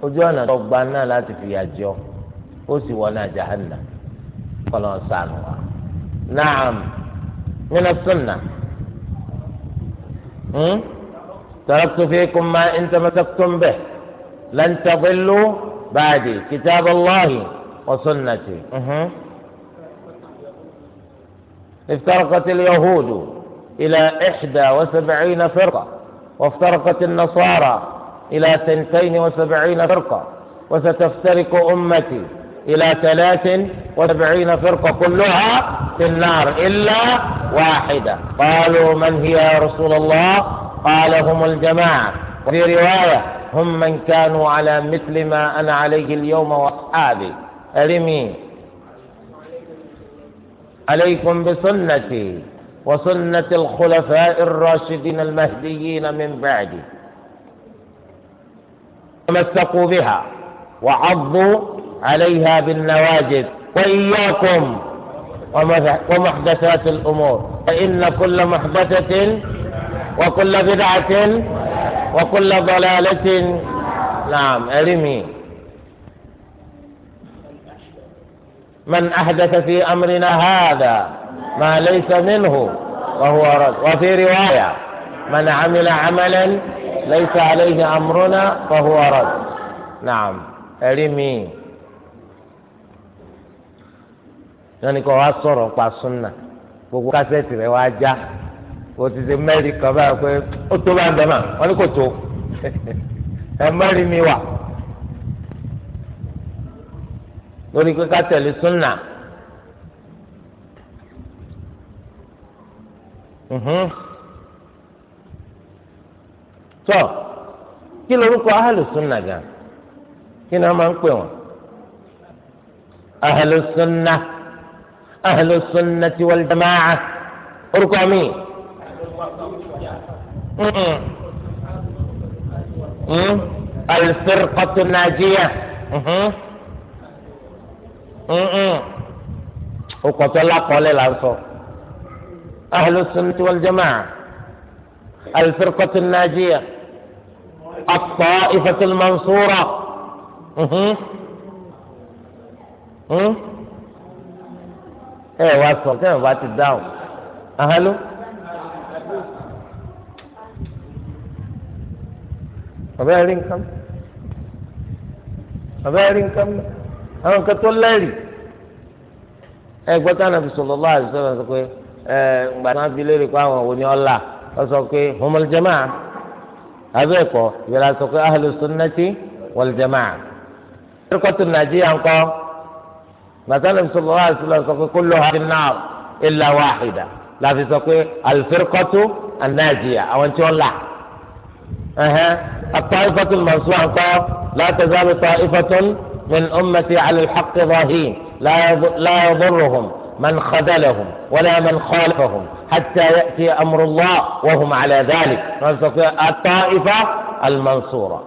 [SPEAKER 1] ojú ọ̀nà tó gba náà láti fìyà jọ ó sì wọ náà jahanna kọ́lọ́ sànù wa. naam nínú sunna taraktu fikum ma in tamasaktum bihi. لن تضلوا بعدي كتاب الله وسنتي افترقت اليهود إلى إحدى وسبعين فرقة وافترقت النصارى إلى ثنتين وسبعين فرقة وستفترق أمتي إلى ثلاث وسبعين فرقة كلها في النار إلا واحدة قالوا من هي يا رسول الله قال هم الجماعة وفي رواية هم من كانوا على مثل ما أنا عليه اليوم وأصحابي أرمي عليكم بسنتي وسنة الخلفاء الراشدين المهديين من بعدي تمسكوا بها وعضوا عليها بالنواجذ وإياكم ومحدثات الأمور فإن كل محدثة وكل بدعة وكل ضلالة نعم أرمي من أحدث في أمرنا هذا ما ليس منه وهو رد وفي رواية من عمل عملا ليس عليه أمرنا فهو رد نعم أرمي يعني كوا صورة قاسنا gbogbo kásẹ̀tì rẹ̀ wá kò ti ṣe mẹ́rin kan báyìí pé ó tó bá ń bẹ̀ mà wọ́n ní kò tó ẹ mẹ́rin mi wà lórí pé ká tẹ̀lé súnà. tọ́ kí lorúkọ ahàlù súnà gan kí ni wọ́n máa ń pè wọ́n mi. الفرقة الناجية وقتل الله قال الأنصار أهل السنة والجماعة الفرقة الناجية الطائفة المنصورة ايه wá كيف kẹ́hìn bá ti ọ̀bẹ rí nǹkan ọ̀bẹ rí nǹkan àwọn nǹkan tó lẹ́rìí ẹ gbọ́ tí Ànábì sallallahu alaihi wasallam sọ pé ẹ ǹgbà tí wọ́n fi léèrè pé àwọn òní ọ̀la wọ́n sọ pé humul jamaa abẹ́ ẹ̀kọ́ ìbẹ̀rẹ̀ sọ pé ahlu sunnati wal jamaa ẹ̀rọ̀kọ́tù nàìjíríà ńkọ́ gbàtà Ànábì sallallahu alaihi wasallam sọ pé kulluha fin nar illa wahida láfi sọ pé al-firqatu an àwọn tí wọ́n là. أها الطائفة المنصورة لا تزال طائفة من أمتي على الحق ظاهرين لا لا يضرهم من خذلهم ولا من خالفهم حتى يأتي أمر الله وهم على ذلك الطائفة المنصورة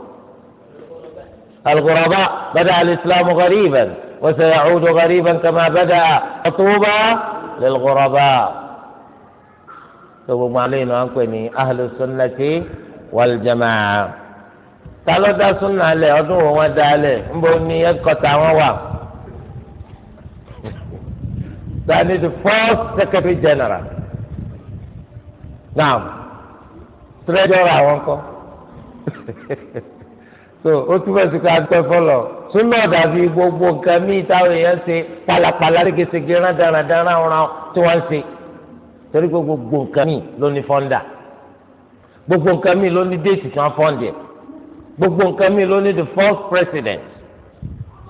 [SPEAKER 1] الغرباء بدأ الإسلام غريبا وسيعود غريبا كما بدأ طوبى للغرباء. gbogbo علينا ilé أهل السنة wàlùjàmà ta ló dá súnà lẹ ọdún wo wọn dá lẹ nbọ ní ẹkọta wọn wà that is the first secretary general now treasurer àwọn kọ so ó túbọ̀ sí pé adúpẹ́ fọlọ́ súnà dàbí gbogbo nǹkan míì táwọn èèyàn ṣe pàlàpàlà régesège rán dáradára ọ̀ràn tí wọ́n ń ṣe torí pé gbogbo nǹkan míì ló ní fọ́ńdà gbogbo nǹkan mi ló ní déètì tí wọ́n fọ́ǹdì ẹ̀ gbogbo nǹkan mi ló ní the first president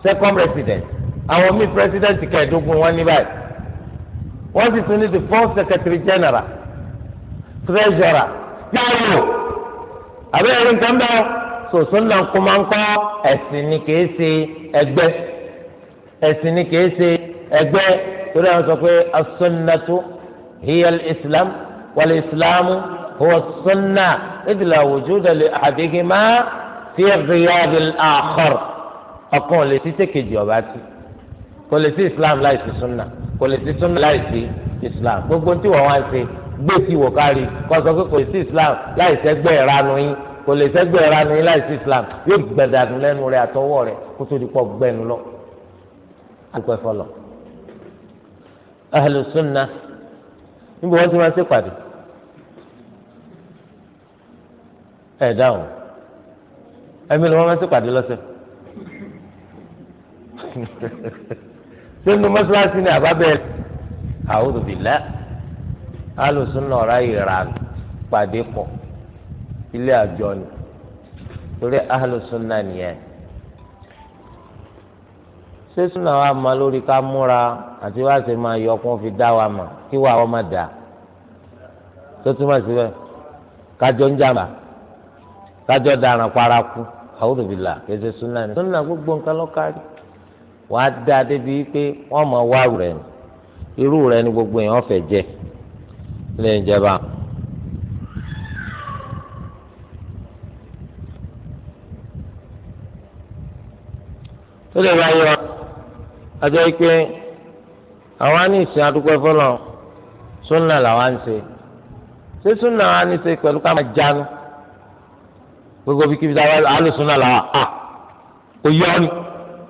[SPEAKER 1] second president àwọn míì president kẹẹ̀ẹ́dógún wọn ní báyìí wọ́n sì tún ní the first secretary general treasurer yàrá àbẹ́rẹ́ nǹkan bẹ́ẹ̀ sòsò ńlá ńkọ́ máa ń kọ́ ẹ̀sìn ni kìí ṣe ẹgbẹ́ ẹ̀sìn ni kìí ṣe ẹgbẹ́ torí àwọn sọ pé as-sunnatu islam wal-islamu. هو السنة إذ لا وجود لأحدهما في غياب الآخر أقول لي تيتك جواباتي kò lè sí islam láì sí sunna kò lè sí sunna láì sí islam gbogbo tí wọn wá ń ṣe gbé tí wò kárí kó sọ pé kò lè sí islam láì sẹgbẹ ìranu yín kò lè sẹgbẹ ìranu yín láì sí islam yóò gbẹdàdùn lẹ́nu rẹ̀ àtọwọ́ rẹ̀ kó tó di pọ gbẹnu lọ. àgbẹ̀fọ́ lọ ahlu sunna níbo wọ́n ti máa ń ṣèpàdé ẹ dáhùn ẹmí ni wọn máa ń ṣèpàdé lọ́sẹ̀ sínú mọ́ṣáláṣí ni àbábẹ́ a'udhu billah alùsùn náà ráyè rà pàdé pọ̀ ilé àjọ ni torí alùsùn náà nìyẹn sísun náà wà má lórí ká múra àti wá sí máa yọ kó fi dá wa mà kí wà wọ́n má dà tó túmọ̀ síbẹ̀ kájọ ń jàmbá kájọ daràn paraku àwùjọ bìlà kẹsẹ súnà ni súnà gbogbo nǹkan lọ́kàrí wà á dá débi pé wọ́n mọ wá rẹ̀ ni irú rẹ̀ ni gbogbo èèyàn fẹ́ jẹ lẹ́yìn ìjẹba. tó lè máa yọ àjọ pé àwọn á ní ìsìn adúgbò fọlọ súnà làwọn á ń ṣe ṣé súnà wa ní í ṣe pẹ̀lú ká máa jánu gbogbo bí kíbi sábà àlù súnà làwà à kò yọ ni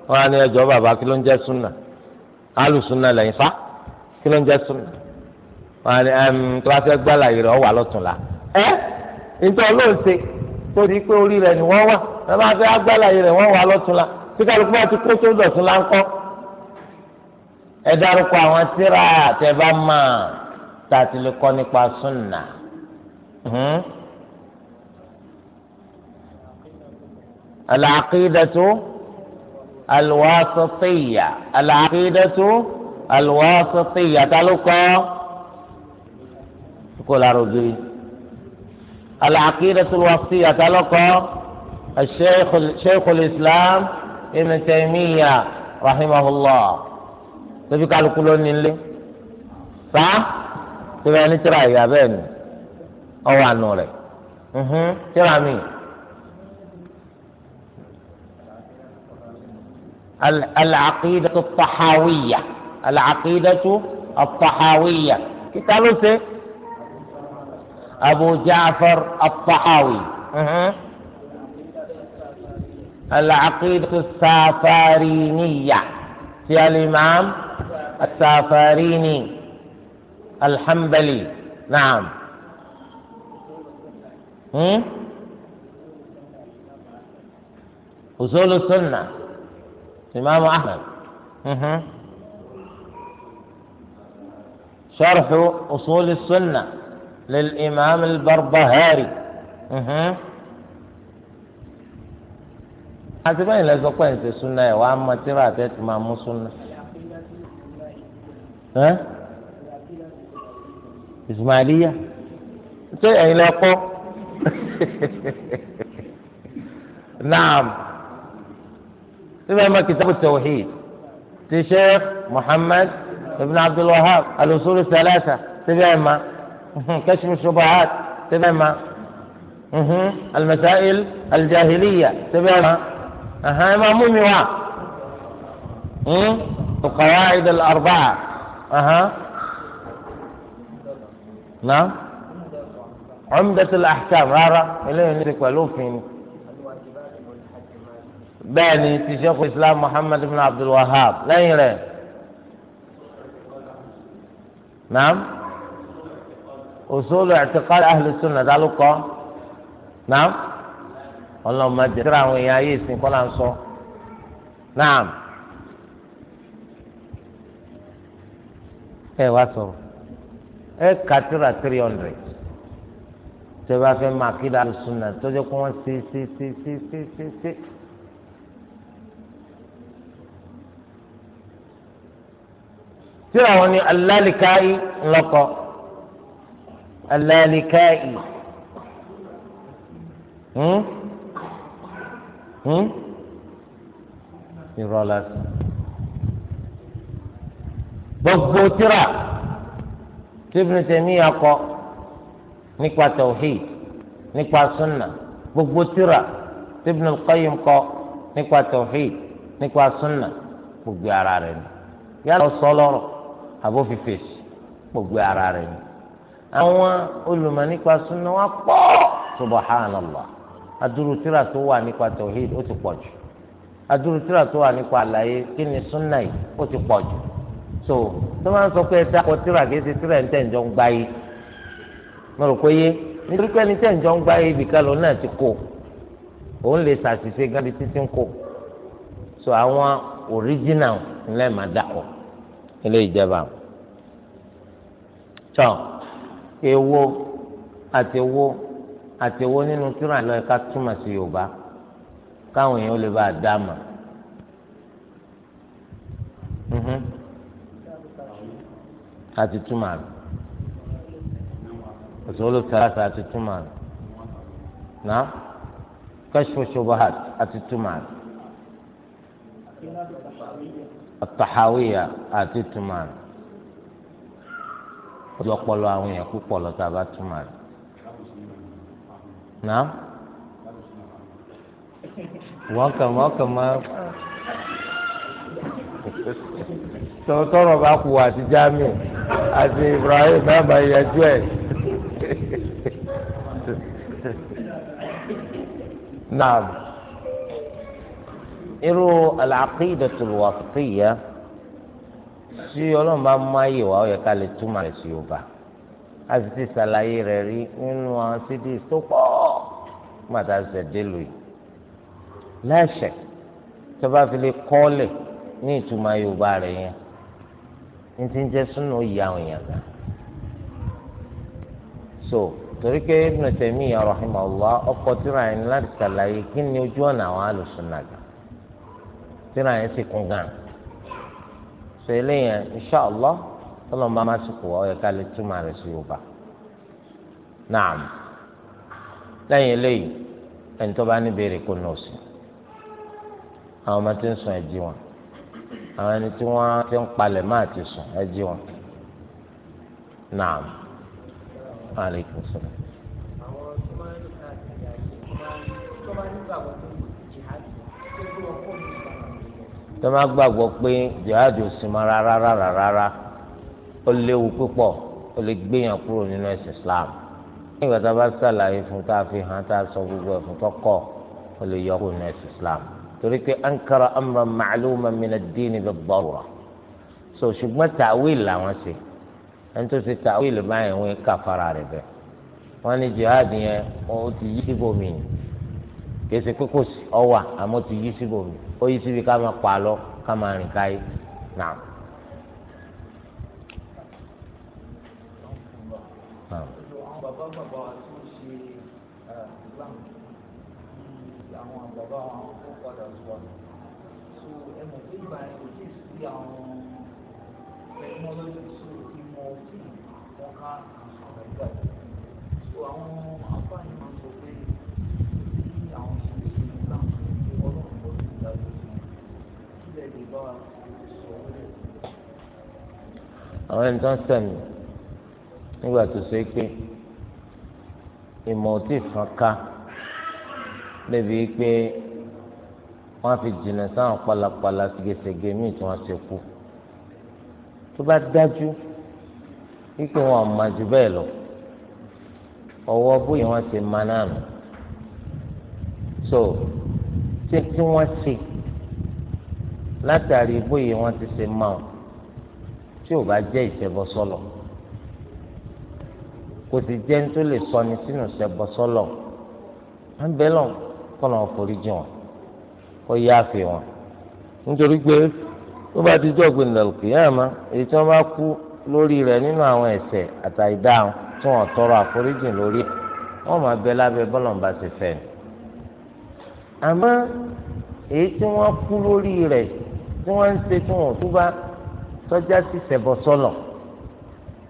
[SPEAKER 1] wọn á ní ẹjọ́ bàbá kí ló ń jẹ́ súnà àlù súnà lẹ́yìn fa kí ló ń jẹ́ súnà wọn á ní ẹm tó bá fẹ́ gbá làyè rẹ ọ wà lọtún la ẹ nítorí olóhùn ṣe tó di pé orí rẹ ni wọn wà wọn bá fẹ́ gbá làyè rẹ wọn wà lọtún la tí kálukú bá ti kó tó dọ̀tún la ń ẹ dárúkọ àwọn tíra tẹ bá máa tàtìlẹ́kọ́ nípa súnà. العقيدة الواسطية العقيدة الواسطية تلقى تقول أرجوي العقيدة الواسطية تلقى الشيخ شيخ الإسلام ابن تيمية رحمه الله تبي قالوا كلون اللي صح تبي أنا ترى يا بني أو عنوري أها ترى مين العقيدة الطحاوية العقيدة الطحاوية كتابه سي أبو جعفر الطحاوي أه. العقيدة السافارينية في الإمام السافاريني الحنبلي نعم أصول السنة الإمام أحمد شرح أصول السنة للإمام البربهاري حسبين لزقين في السنة وعما ترى تتمام السنة ها؟ إسماعيلية شيء لا نعم بما كتاب التوحيد تشيخ محمد بن عبد الوهاب الأصول الثلاثة تبعما كشف الشبهات تبعما المسائل الجاهلية تبعما أها مأمون القواعد الأربعة أها نعم عمدة الأحكام هذا إليه نتك فيني bẹ́ẹ̀ ni ti sheikh islam muhammad ibn abdul wahab lẹ́yìn rẹ̀ naam usulu i'tiqad ahli sunna dálùkọ́ naam ọlọ́mọdé tíra àwọn èèyàn ayé ìsìn kọ́lá ń sọ naam. ẹ wá sọ̀rọ̀ ẹ kàtúrà three hundred tẹ bá fẹ́ máa kí dáa sunna tọjọ kó wọn sí sí sí sí sí sí tíra wọn ni alálìkáì ńlọkọ alálìkáì hmm? hmm? irọ́ lásán gbogbo tíra tí Ibn Taymiyyah kọ nípa tawhid nípa sunna gbogbo tíra tí Ibn al kọ nípa tawhid nípa sunna gbogbo ara rẹ̀ ni yálà sọ lọ́rọ̀. àbó fi gbogbo ara rẹ̀ ni àwọn olùmọ̀ nípa súnà wọn pọ̀ subhanallah adúrútìrà tó wà nípa tawhid ó ti pọ̀ jù adúrútìrà tó wà nípa alaye kí ni súnà yìí ó ti pọ jù so tó máa ń sọ pé ẹ̀dá kọtìrà kìí ṣe tìrà ní tẹ̀jọ́ ń yé nítorí pé ń ibìkan náà ti kó òun lè títí ń kó ilé ìjẹba tọ ewo àti wo àti wo nínú túrà lọ ká túmọ̀ sí yorùbá káwọn èèyàn lè bá a dá mà àti mhm. túmọ̀ àná òṣòwò tààtà àti túmọ̀ àná náà kashfu shubuhat àti túmọ̀ àná àtàhàwíyà àti tùmàn ojú ọpọlọ àwọn èèyàn púpọ̀ lọ́tà bá túmọ̀ rẹ̀. Nà
[SPEAKER 2] wọ́n kàn wọ́n kàn máa
[SPEAKER 1] tọ́tọ́rọ̀ bá kú àti Jamiu àti Ibrahim náà bá yẹjú ẹ̀. Nà irú al-aqidatul wasitiyya tí ọlọ́run bá mú ayé wa ó yẹ ká lè túmọ̀ rẹ̀ sí yorùbá a sì ti ṣàlàyé rẹ̀ rí nínú àwọn cds tó pọ̀ mọ̀tà ṣẹ̀dẹ̀ lóyè lẹ́sẹ̀ tó bá fi lè kọ́lẹ̀ ní ìtumọ̀ yorùbá rẹ̀ yẹn ní ti ń jẹ́ súnà òye àwọn èèyàn gan so torí pé Ibn Taymiyyah rahimahullah ọkọ̀ tíra ẹni láti ṣàlàyé kí ni ojú ọ̀nà àwọn alùsùn nàgà tíra yẹn sì kún gan so eléyẹn inṣàlọ tọlọ máa máa sìkò ọ yẹ ká lè túmọ̀ rẹ̀ sí yorùbá naam lẹ́yìn eléyìí ẹni tó bá ní béèrè kó nà òsì àwọn ọmọ tí ń sùn ẹjí wọn àwọn ẹni tí wọ́n ti ń palẹ̀ máa ti sùn ẹjí wọn naam aleykum salaam.
[SPEAKER 2] àwọn tó máa ń ní káàkiri àyè tó máa ń nígbàgbọ́
[SPEAKER 1] tó má gbàgbọ́ pé jihad ò sì mọ́ rárá rárá rárá ó léwu púpọ̀ ó lè gbéyàn kúrò nínú ẹ̀sìn Islam nígbà tá a bá ṣàlàyé fún tá a fi hàn tá a sọ gbogbo ẹ̀ fún tọkọ ó lè yọ kúrò nínú ẹ̀sìn Islam torí pé ankara amra ma'luman min ad-din bid-darura so ṣùgbọ́n tàwíìlì làwọn ṣe ẹni tó ṣe tàwíìlì báyìí wọn kàfàrà rẹ̀ bẹ́ẹ̀ wọ́n ní jihad yẹn ó ti yí síbòmí kèsì pé ọwà àmọ́ ti yí síbòmí ó yí síbi ká máa pa lọ ká máa rìn káyé náà. àwọn ẹni tó ń sẹ̀mí nígbà tó ṣe pé ìmọ̀ ò tí ì fọ́n ká débi pé wọ́n á fi jìnnà sáwọn pálapàla ségesège míì tí wọ́n ṣe kú tó bá dájú wípé wọn ò máa jù bẹ́ẹ̀ lọ ọwọ́ bóyá wọ́n ṣe máa náà nù so tí wọ́n ṣe látàrí bóyá wọn ti ṣe máa ọ tí ò bá jẹ́ ìṣẹbọsọlọ kò sì jẹ́ ní tó lè sọni sínú ìṣẹbọsọlọ wọn bẹ lọ kọ́ lọ́n foríjì wọn kó yááfì wọn nítorí pé tó bá ti jọ́ gbẹ̀ndà òkè yá àmọ́ èyí tí wọ́n bá kú lórí rẹ̀ nínú àwọn ẹ̀ṣẹ̀ àtàìdá tí wọ́n tọrọ àforíjì lórí wọ́n máa bẹ lábẹ́ bọ́lọ̀mbà ti fẹ́ àmọ́ èyí tí wọ́n kú lórí rẹ̀ tí wọ́n ń ṣe tí wọ́n tún bá sọ́jà sí ṣẹ̀bọ̀ sọ́lọ̀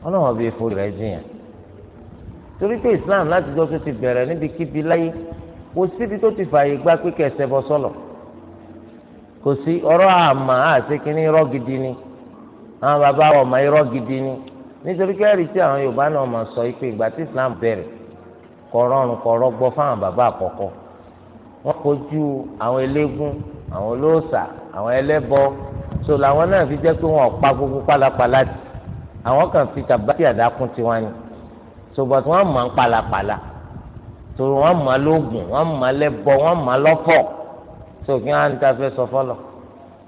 [SPEAKER 1] ọlọ́run ọbẹ̀ èfò rẹ̀ jìyàn torí pé islam láti jọ tó ti bẹ̀rẹ̀ níbikíbi láyé kò síbi tó ti fààyè gbà pé kẹ̀ ṣẹ̀bọ̀ sọ́lọ̀ kò sí ọ̀rọ̀ àmà àti kínní irọ́ gidi ni àwọn bàbá ọmọ irọ́ gidi ni nítorí kẹ́rì tí àwọn yorùbá náà máa sọ pé ìgbà tí islam bẹ̀rẹ̀ kọ̀rọ̀rùn kọ̀rọ̀ gbọ́ fáwọn bàbá àkọ́kọ́ wọ́n kojú àwọn eléégún àwọn olóòṣà àwọn ẹlẹ́bọ so làwọn náà fi jẹ́ pé wọn ò pa gbogbo pálapàla tì àwọn kan fi tàbátì àdákùn tiwọn ni so but wọn mọ̀ ń pálapàla so wọn mọ̀ lóògùn wọn mọ̀ lẹ́bọ wọn mọ̀ lọ́fọ̀ so kí wọn á ní ta fẹ́ sọ fọlọ́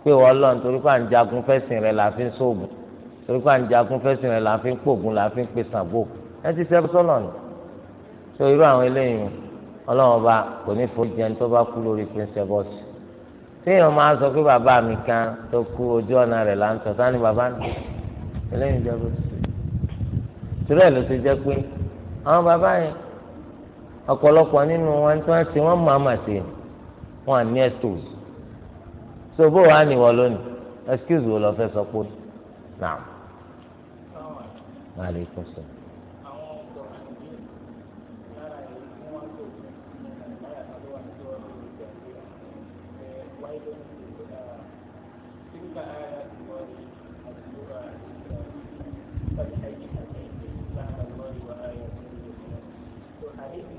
[SPEAKER 1] pé wọ́n lọ nítorí pé à ń jagun fẹ́sìn rẹ̀ là fi ń sóògùn torí pé à ń jagun fẹ́sìn rẹ̀ là fi ń pògùn là fi ń pe sàbò ẹ ti sẹ́kù sọ́nà ni so irú àwọn eléyìí ọlọ́run ọba kò ní fojú ẹni tó bá kú lórí pé ń téèyàn máa sọ pé bàbá mi kan tó kú ojú ọ̀nà rẹ̀ là ń sọ sani bàbá mi eléyìí jẹ́ bó ti ṣe torí ẹ̀ ló ti jẹ́ pé àwọn bàbá yẹn ọ̀pọ̀lọpọ̀ nínú wọn tí wọ́n ṣe wọ́n máa mà ṣe wọn à ní ẹ̀tọ́ so bó wàá ní wọ lónìí excuse wo lọ fẹ́ sọ pé náà. Aleykum salaam.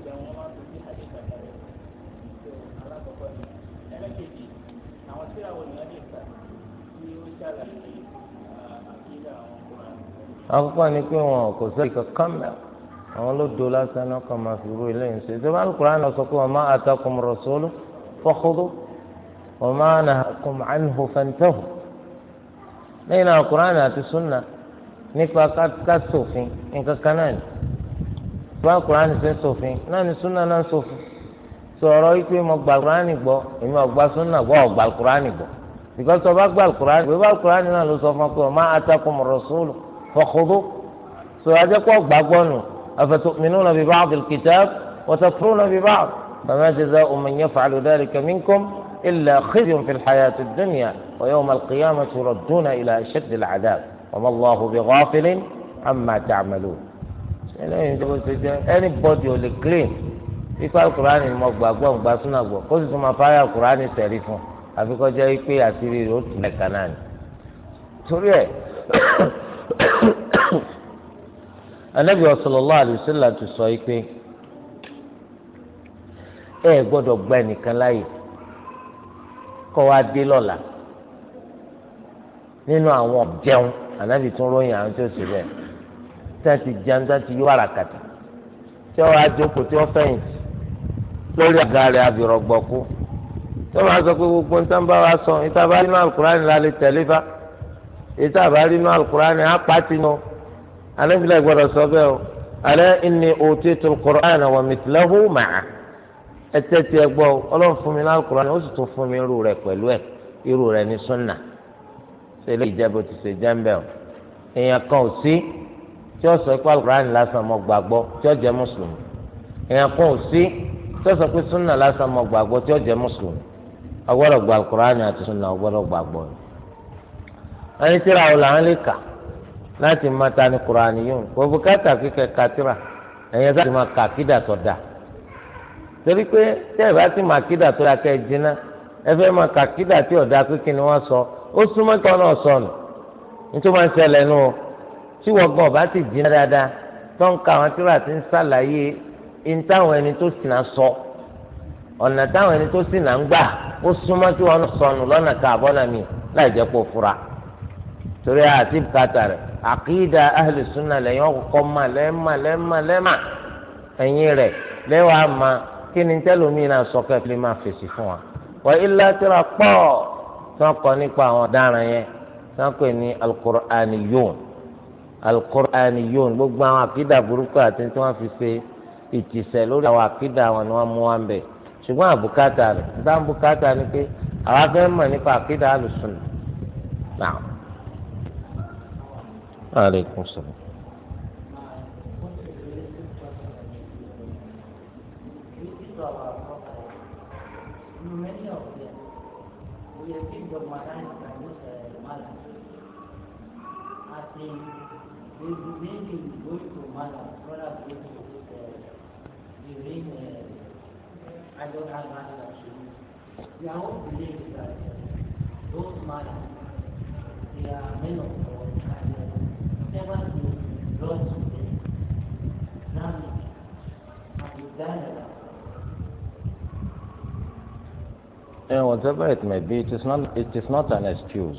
[SPEAKER 2] ìgbà wọn máa ń tó sí àdéhùn àtàrẹ ìjọ alákọ̀ọ́kọ́ ni ẹlẹ́kẹ̀jì àwọn tí àwọn ènìyàn lè kà tí ó ṣàlàyé ah, àkíyà àwọn kúrán.
[SPEAKER 1] àkọ́kọ́ ni pé wọn kò sọ ìkankan mẹ́ àwọn ló do lásán náà kàn máa fi ru eléyìí ṣe ìjọba alukóran náà sọ pé wọn máa atakum rasulu fakhudhu wọn máa nahakum anhu fantahu lẹ́yìn náà alukóran àti sunna nípa kásòfin nǹkan kan náà ni. bá kúránì ṣe sòfin náà ni sunna náà ń sòfin sọ̀rọ̀ yìí pé mo gba kúránì gbọ́ èmi ọ̀gbà sunna gbọ́ ọ̀gbà kúránì gbọ́ bíkọ́ sọ bá gba kúránì gbọ́ ọba kúránì náà ló sọ fún ọ pé ọmọ atakùn rọ̀ṣúlù fọkùrú sọ ajẹ́kọ̀ ọ̀gbà gbọ́nù أفتؤمنون ببعض الكتاب وتكفرون ببعض فما جزاء من يفعل ذلك منكم إلا خزي في الحياة الدنيا ويوم القيامة eléyìí tó ṣe jẹ́ anybody ò lè claim ipa alukurani ni gbàgbọ́ ǹgbà súnà kó sì tún máa fáyà alukurani tẹ̀lé fún àfi asiri pé àṣírí rẹ̀ ó tún lẹ̀ka náà ni. torí ẹ anabi sallallahu alaihi ti sọ pé gba ẹnìkan láàyè kó wá dé lọla nínú àwọn jẹun anabi tún ròyìn àwọn tó ṣe tá a ti jẹun tá a ti yọ àràkàtà tí wọ́n á jókòó tí wọ́n fẹ̀yìntì lórí àga rẹ̀ àbìrọ̀gbọ̀kú tí wọ́n á sọ pé gbogbo ń tán bá wa sọ ìta bá nínú alukurani la lè tẹ̀lé fa ìta bá nínú alukurani á pàtì nù anábìlẹ̀ gbọ́dọ̀ sọ bẹ́ẹ̀ o alẹ́ ìní òtí tó kọ́ran àwọn mìtìlẹ́hù màá ẹ tẹ́tí ẹ gbọ́ ọlọ́run fún mi ní alukurani ó sì tún fún mi irú rẹ̀ pẹ̀lú ẹ̀ irú rẹ̀ ní sunna ṣe lè jẹ́ bó ti ṣe jẹ́ ń bẹ́ẹ̀ o tí ó sọ pé alukur'an lásán mọ gbàgbọ́ tí ó jẹ mùsùlùmí èèyàn kan ò sí tí ó sọ pé sunna lásán mọ tí ó jẹ mùsùlùmí ọgbọdọ gba alukur'an àti sunna ni. ẹni tíra o làwọn lè kà láti má ta ni ka tíra sáà ti máa kà torí pé ẹ bá ti kẹ́ ẹ jiná ẹ fẹ́ kà ni wọ́n sọ ó súnmọ́ tí wọ́n gan ọba ti jìnnà dáadáa tó ń ka àwọn tíra ti ń ṣàlàyé ní táwọn ẹni tó sì náà sọ ọ̀nà táwọn ẹni tó sì náà ń gbà ó súnmọ́ tí wọ́n sọnù lọ́nà káàbọ̀nà mi láì jẹ́ kó fura torí àti bùkátà rẹ̀ àkìdá ahli sunna lẹ́yìn ọ̀kọ̀kọ́ mà lẹ́ẹ̀mà lẹ́ẹ̀mà lẹ́ẹ̀mà ẹ̀yìn rẹ̀ lẹ́wàá máa kí ni tẹ́lómi náà sọ kẹ́ fi máa fèsì fún wa wọ́n ilé tíra pọ̀ tí wọ́n kọ́ nípa àwọn ọ̀daràn yẹn tí wọ́n pè ní al-Qur'aniyun alukur'aniyun gbogbo àwọn àkídà burúkú àti tí wọ́n fi ṣe ìtìsẹ̀ lórí àwọn àkídà wọn ni wọ́n mú wọn bẹ̀ ṣùgbọ́n àbùkátà rẹ̀ nígbà àbùkátà ni pé àwọn afẹ́ mọ̀ nípa àkídà alùsùn náà. aleykum salaam.
[SPEAKER 2] that those they are and whatever they
[SPEAKER 1] to whatever it may be, it is not it is not an excuse.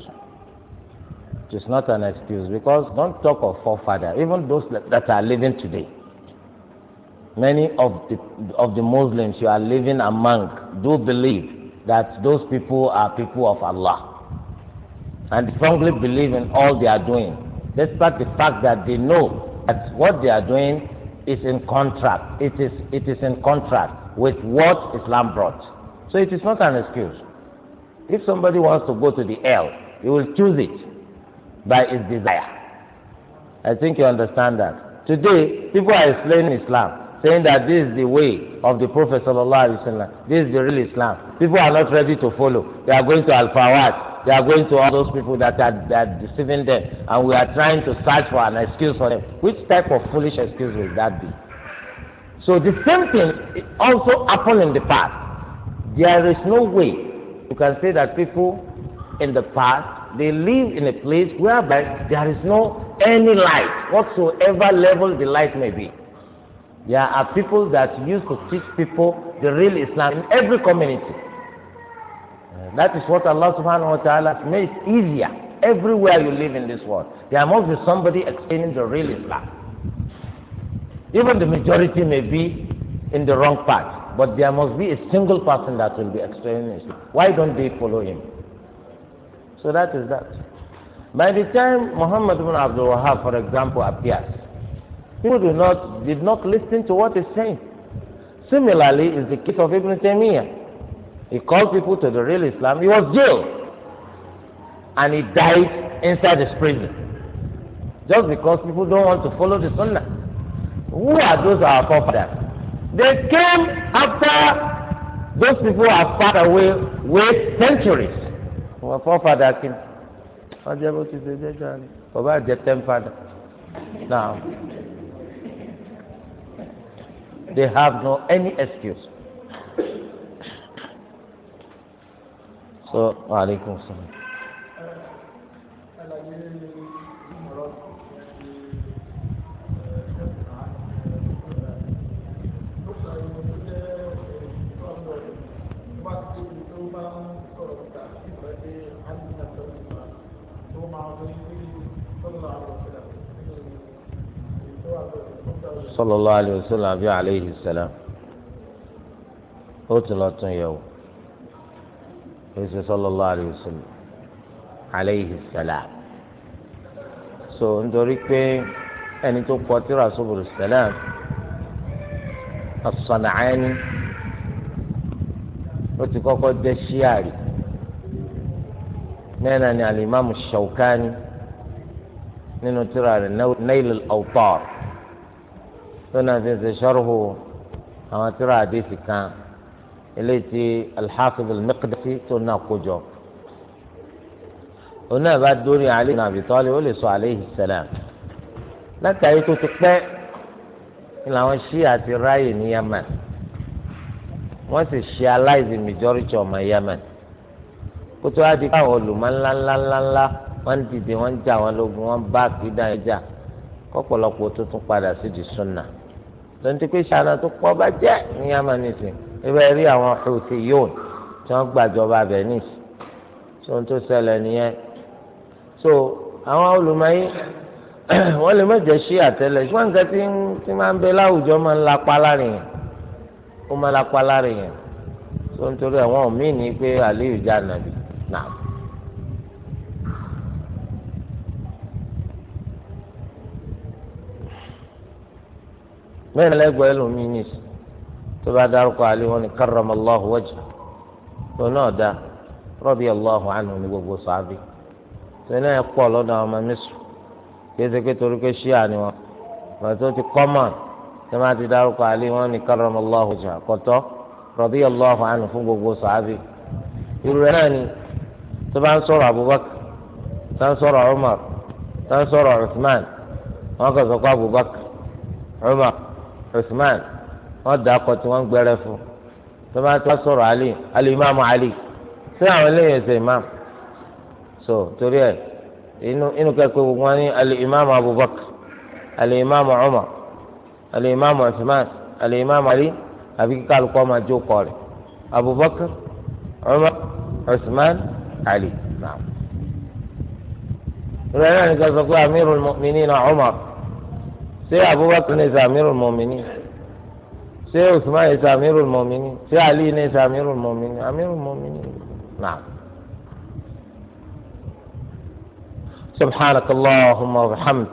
[SPEAKER 1] It is not an excuse because don't talk of forefather, even those that are living today many of the, of the Muslims you are living among do believe that those people are people of Allah and strongly believe in all they are doing, despite the fact that they know that what they are doing is in contract. It is, it is in contract with what Islam brought. So it is not an excuse. If somebody wants to go to the hell, he will choose it by his desire. I think you understand that. Today, people are explaining Islam saying that this is the way of the Prophet sallallahu alaihi wasallam. This is the real Islam. People are not ready to follow. They are going to Al Fawad. They are going to all those people that are, that are deceiving them, and we are trying to search for an excuse for them. Which type of foolish excuse will that be? So the same thing also happened in the past. There is no way you can say that people in the past they live in a place whereby there is no any light whatsoever level the light may be. There are people that used to teach people the real Islam in every community. Uh, that is what Allah subhanahu wa ta'ala made easier everywhere you live in this world. There must be somebody explaining the real Islam. Even the majority may be in the wrong path, but there must be a single person that will be explaining Islam. Why don't they follow him? So that is that. By the time Muhammad ibn Abdul Wahab, for example, appears, People do not, did not listen to what he's saying. Similarly, is the case of Ibn Taymiyyah. He called people to the real Islam. He was jailed. And he died inside his prison. Just because people don't want to follow the Sunnah. Who are those our forefathers?
[SPEAKER 2] They came after
[SPEAKER 1] those people are far away wait centuries. Our forefathers came. Wọ́n jẹ́ bó ti ṣe jẹ́ jẹ́ Bàbá jẹ́ ń fada. Now. They have no any excuse. So, alaikum salam. sallallahu alaihi wasallam àbí alaihi salam ó ti lọ tún yẹ̀wò èsì sallallahu alaihi wasallam alaihi so nítorí pé ẹni tó kọ tírà Subul Salam As-San'ani ó ti kọ́kọ́ jẹ́ ṣíàrì mẹ́rin ni al-Imam nínú tírà rẹ̀ Nailul Awtar tó náà ti ṣe ṣọ́rùhù àwọn tíra àdéhìí kan eléyìí ti al-Hafiz al-Maqdisi tó náà kó jọ òun náà bá dórí Ali ibn Abi Talib ó lè sọ alayhi salam látàrí tó ti pẹ́ ni làwọn ṣíà ti ráàyè ní Yemen wọ́n sì ṣe aláìsí majority ọmọ Yemen kótó á di káwọn olùmọ̀ ńláńláńláńlá wọ́n dìde wọ́n jà wọ́n lógun wọ́n bá àkídá ẹjà kọ́pọ̀lọpọ̀ tó tún padà sí di sunna lọ́ntí pé ṣáná tó pọ̀ bá jẹ́ ní yamanisi ibẹ̀ rí àwọn Houthi yóò tí wọ́n gbàjọba Venice tó ń tó ṣẹlẹ̀ nìyẹn so àwọn olùmọ̀yé wọ́n lè mọ̀jẹ̀ sí àtẹ́lẹ̀ ṣùgbọ́n nǹkan tí tí máa ń bẹ láwùjọ máa ń lapa láàrin yẹn ó máa lapa láàrin yẹn tó ń torí àwọn míì ní pé Aliyu jẹ́ ànàbì náà. mẹ́rin lẹ́gbẹ̀ẹ́ ẹlòmíì nìsí tó bá dárúkọ àlè wọn ni karramallahu wajha tó náà dá radiyallahu anhu ní gbogbo sàbí tó náà pọ̀ lọ́dọ̀ àwọn ọmọ mísù kéde pé torí pé ṣíà ni wọn pàtó ti kọ́mà tó máa ti dárúkọ àlè wọn ni karramallahu wajha kọ́tọ́ radiyallahu anhu fún gbogbo sàbí irú rẹ̀ náà ni tó bá ń sọ̀rọ̀ Abubakar tó ń sọ̀rọ̀ Usman wọ́n dà kọ́ tí wọ́n gbẹrẹ fún tó bá tó sọ̀rọ̀ Ali alimami Ali ṣé àwọn eléyìí ṣe imam so torí ẹ inú inú kẹ́kọ̀ọ́ gbogbo wọn ní alimami Abubakar alimami Umar alimami Usman alimami Ali àbí kíkọ́ alukọ́ máa jó kọ́ rẹ̀ Abubakar Umar Usman Ali naam. ìrẹ̀lẹ̀ nìkan sọ pé amirul mu'minina Umar. ṣé abubakar ní sàmírù mọ̀mìnì ṣé usman ní sàmírù mọ̀mìnì ṣé ali ní sàmírù mọ̀mìnì amírù mọ̀mìnì nà. سبحانك اللهم وبحمدك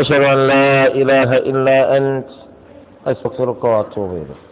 [SPEAKER 1] أشهد أن لا إله إلا أنت أستغفرك وأتوب إليك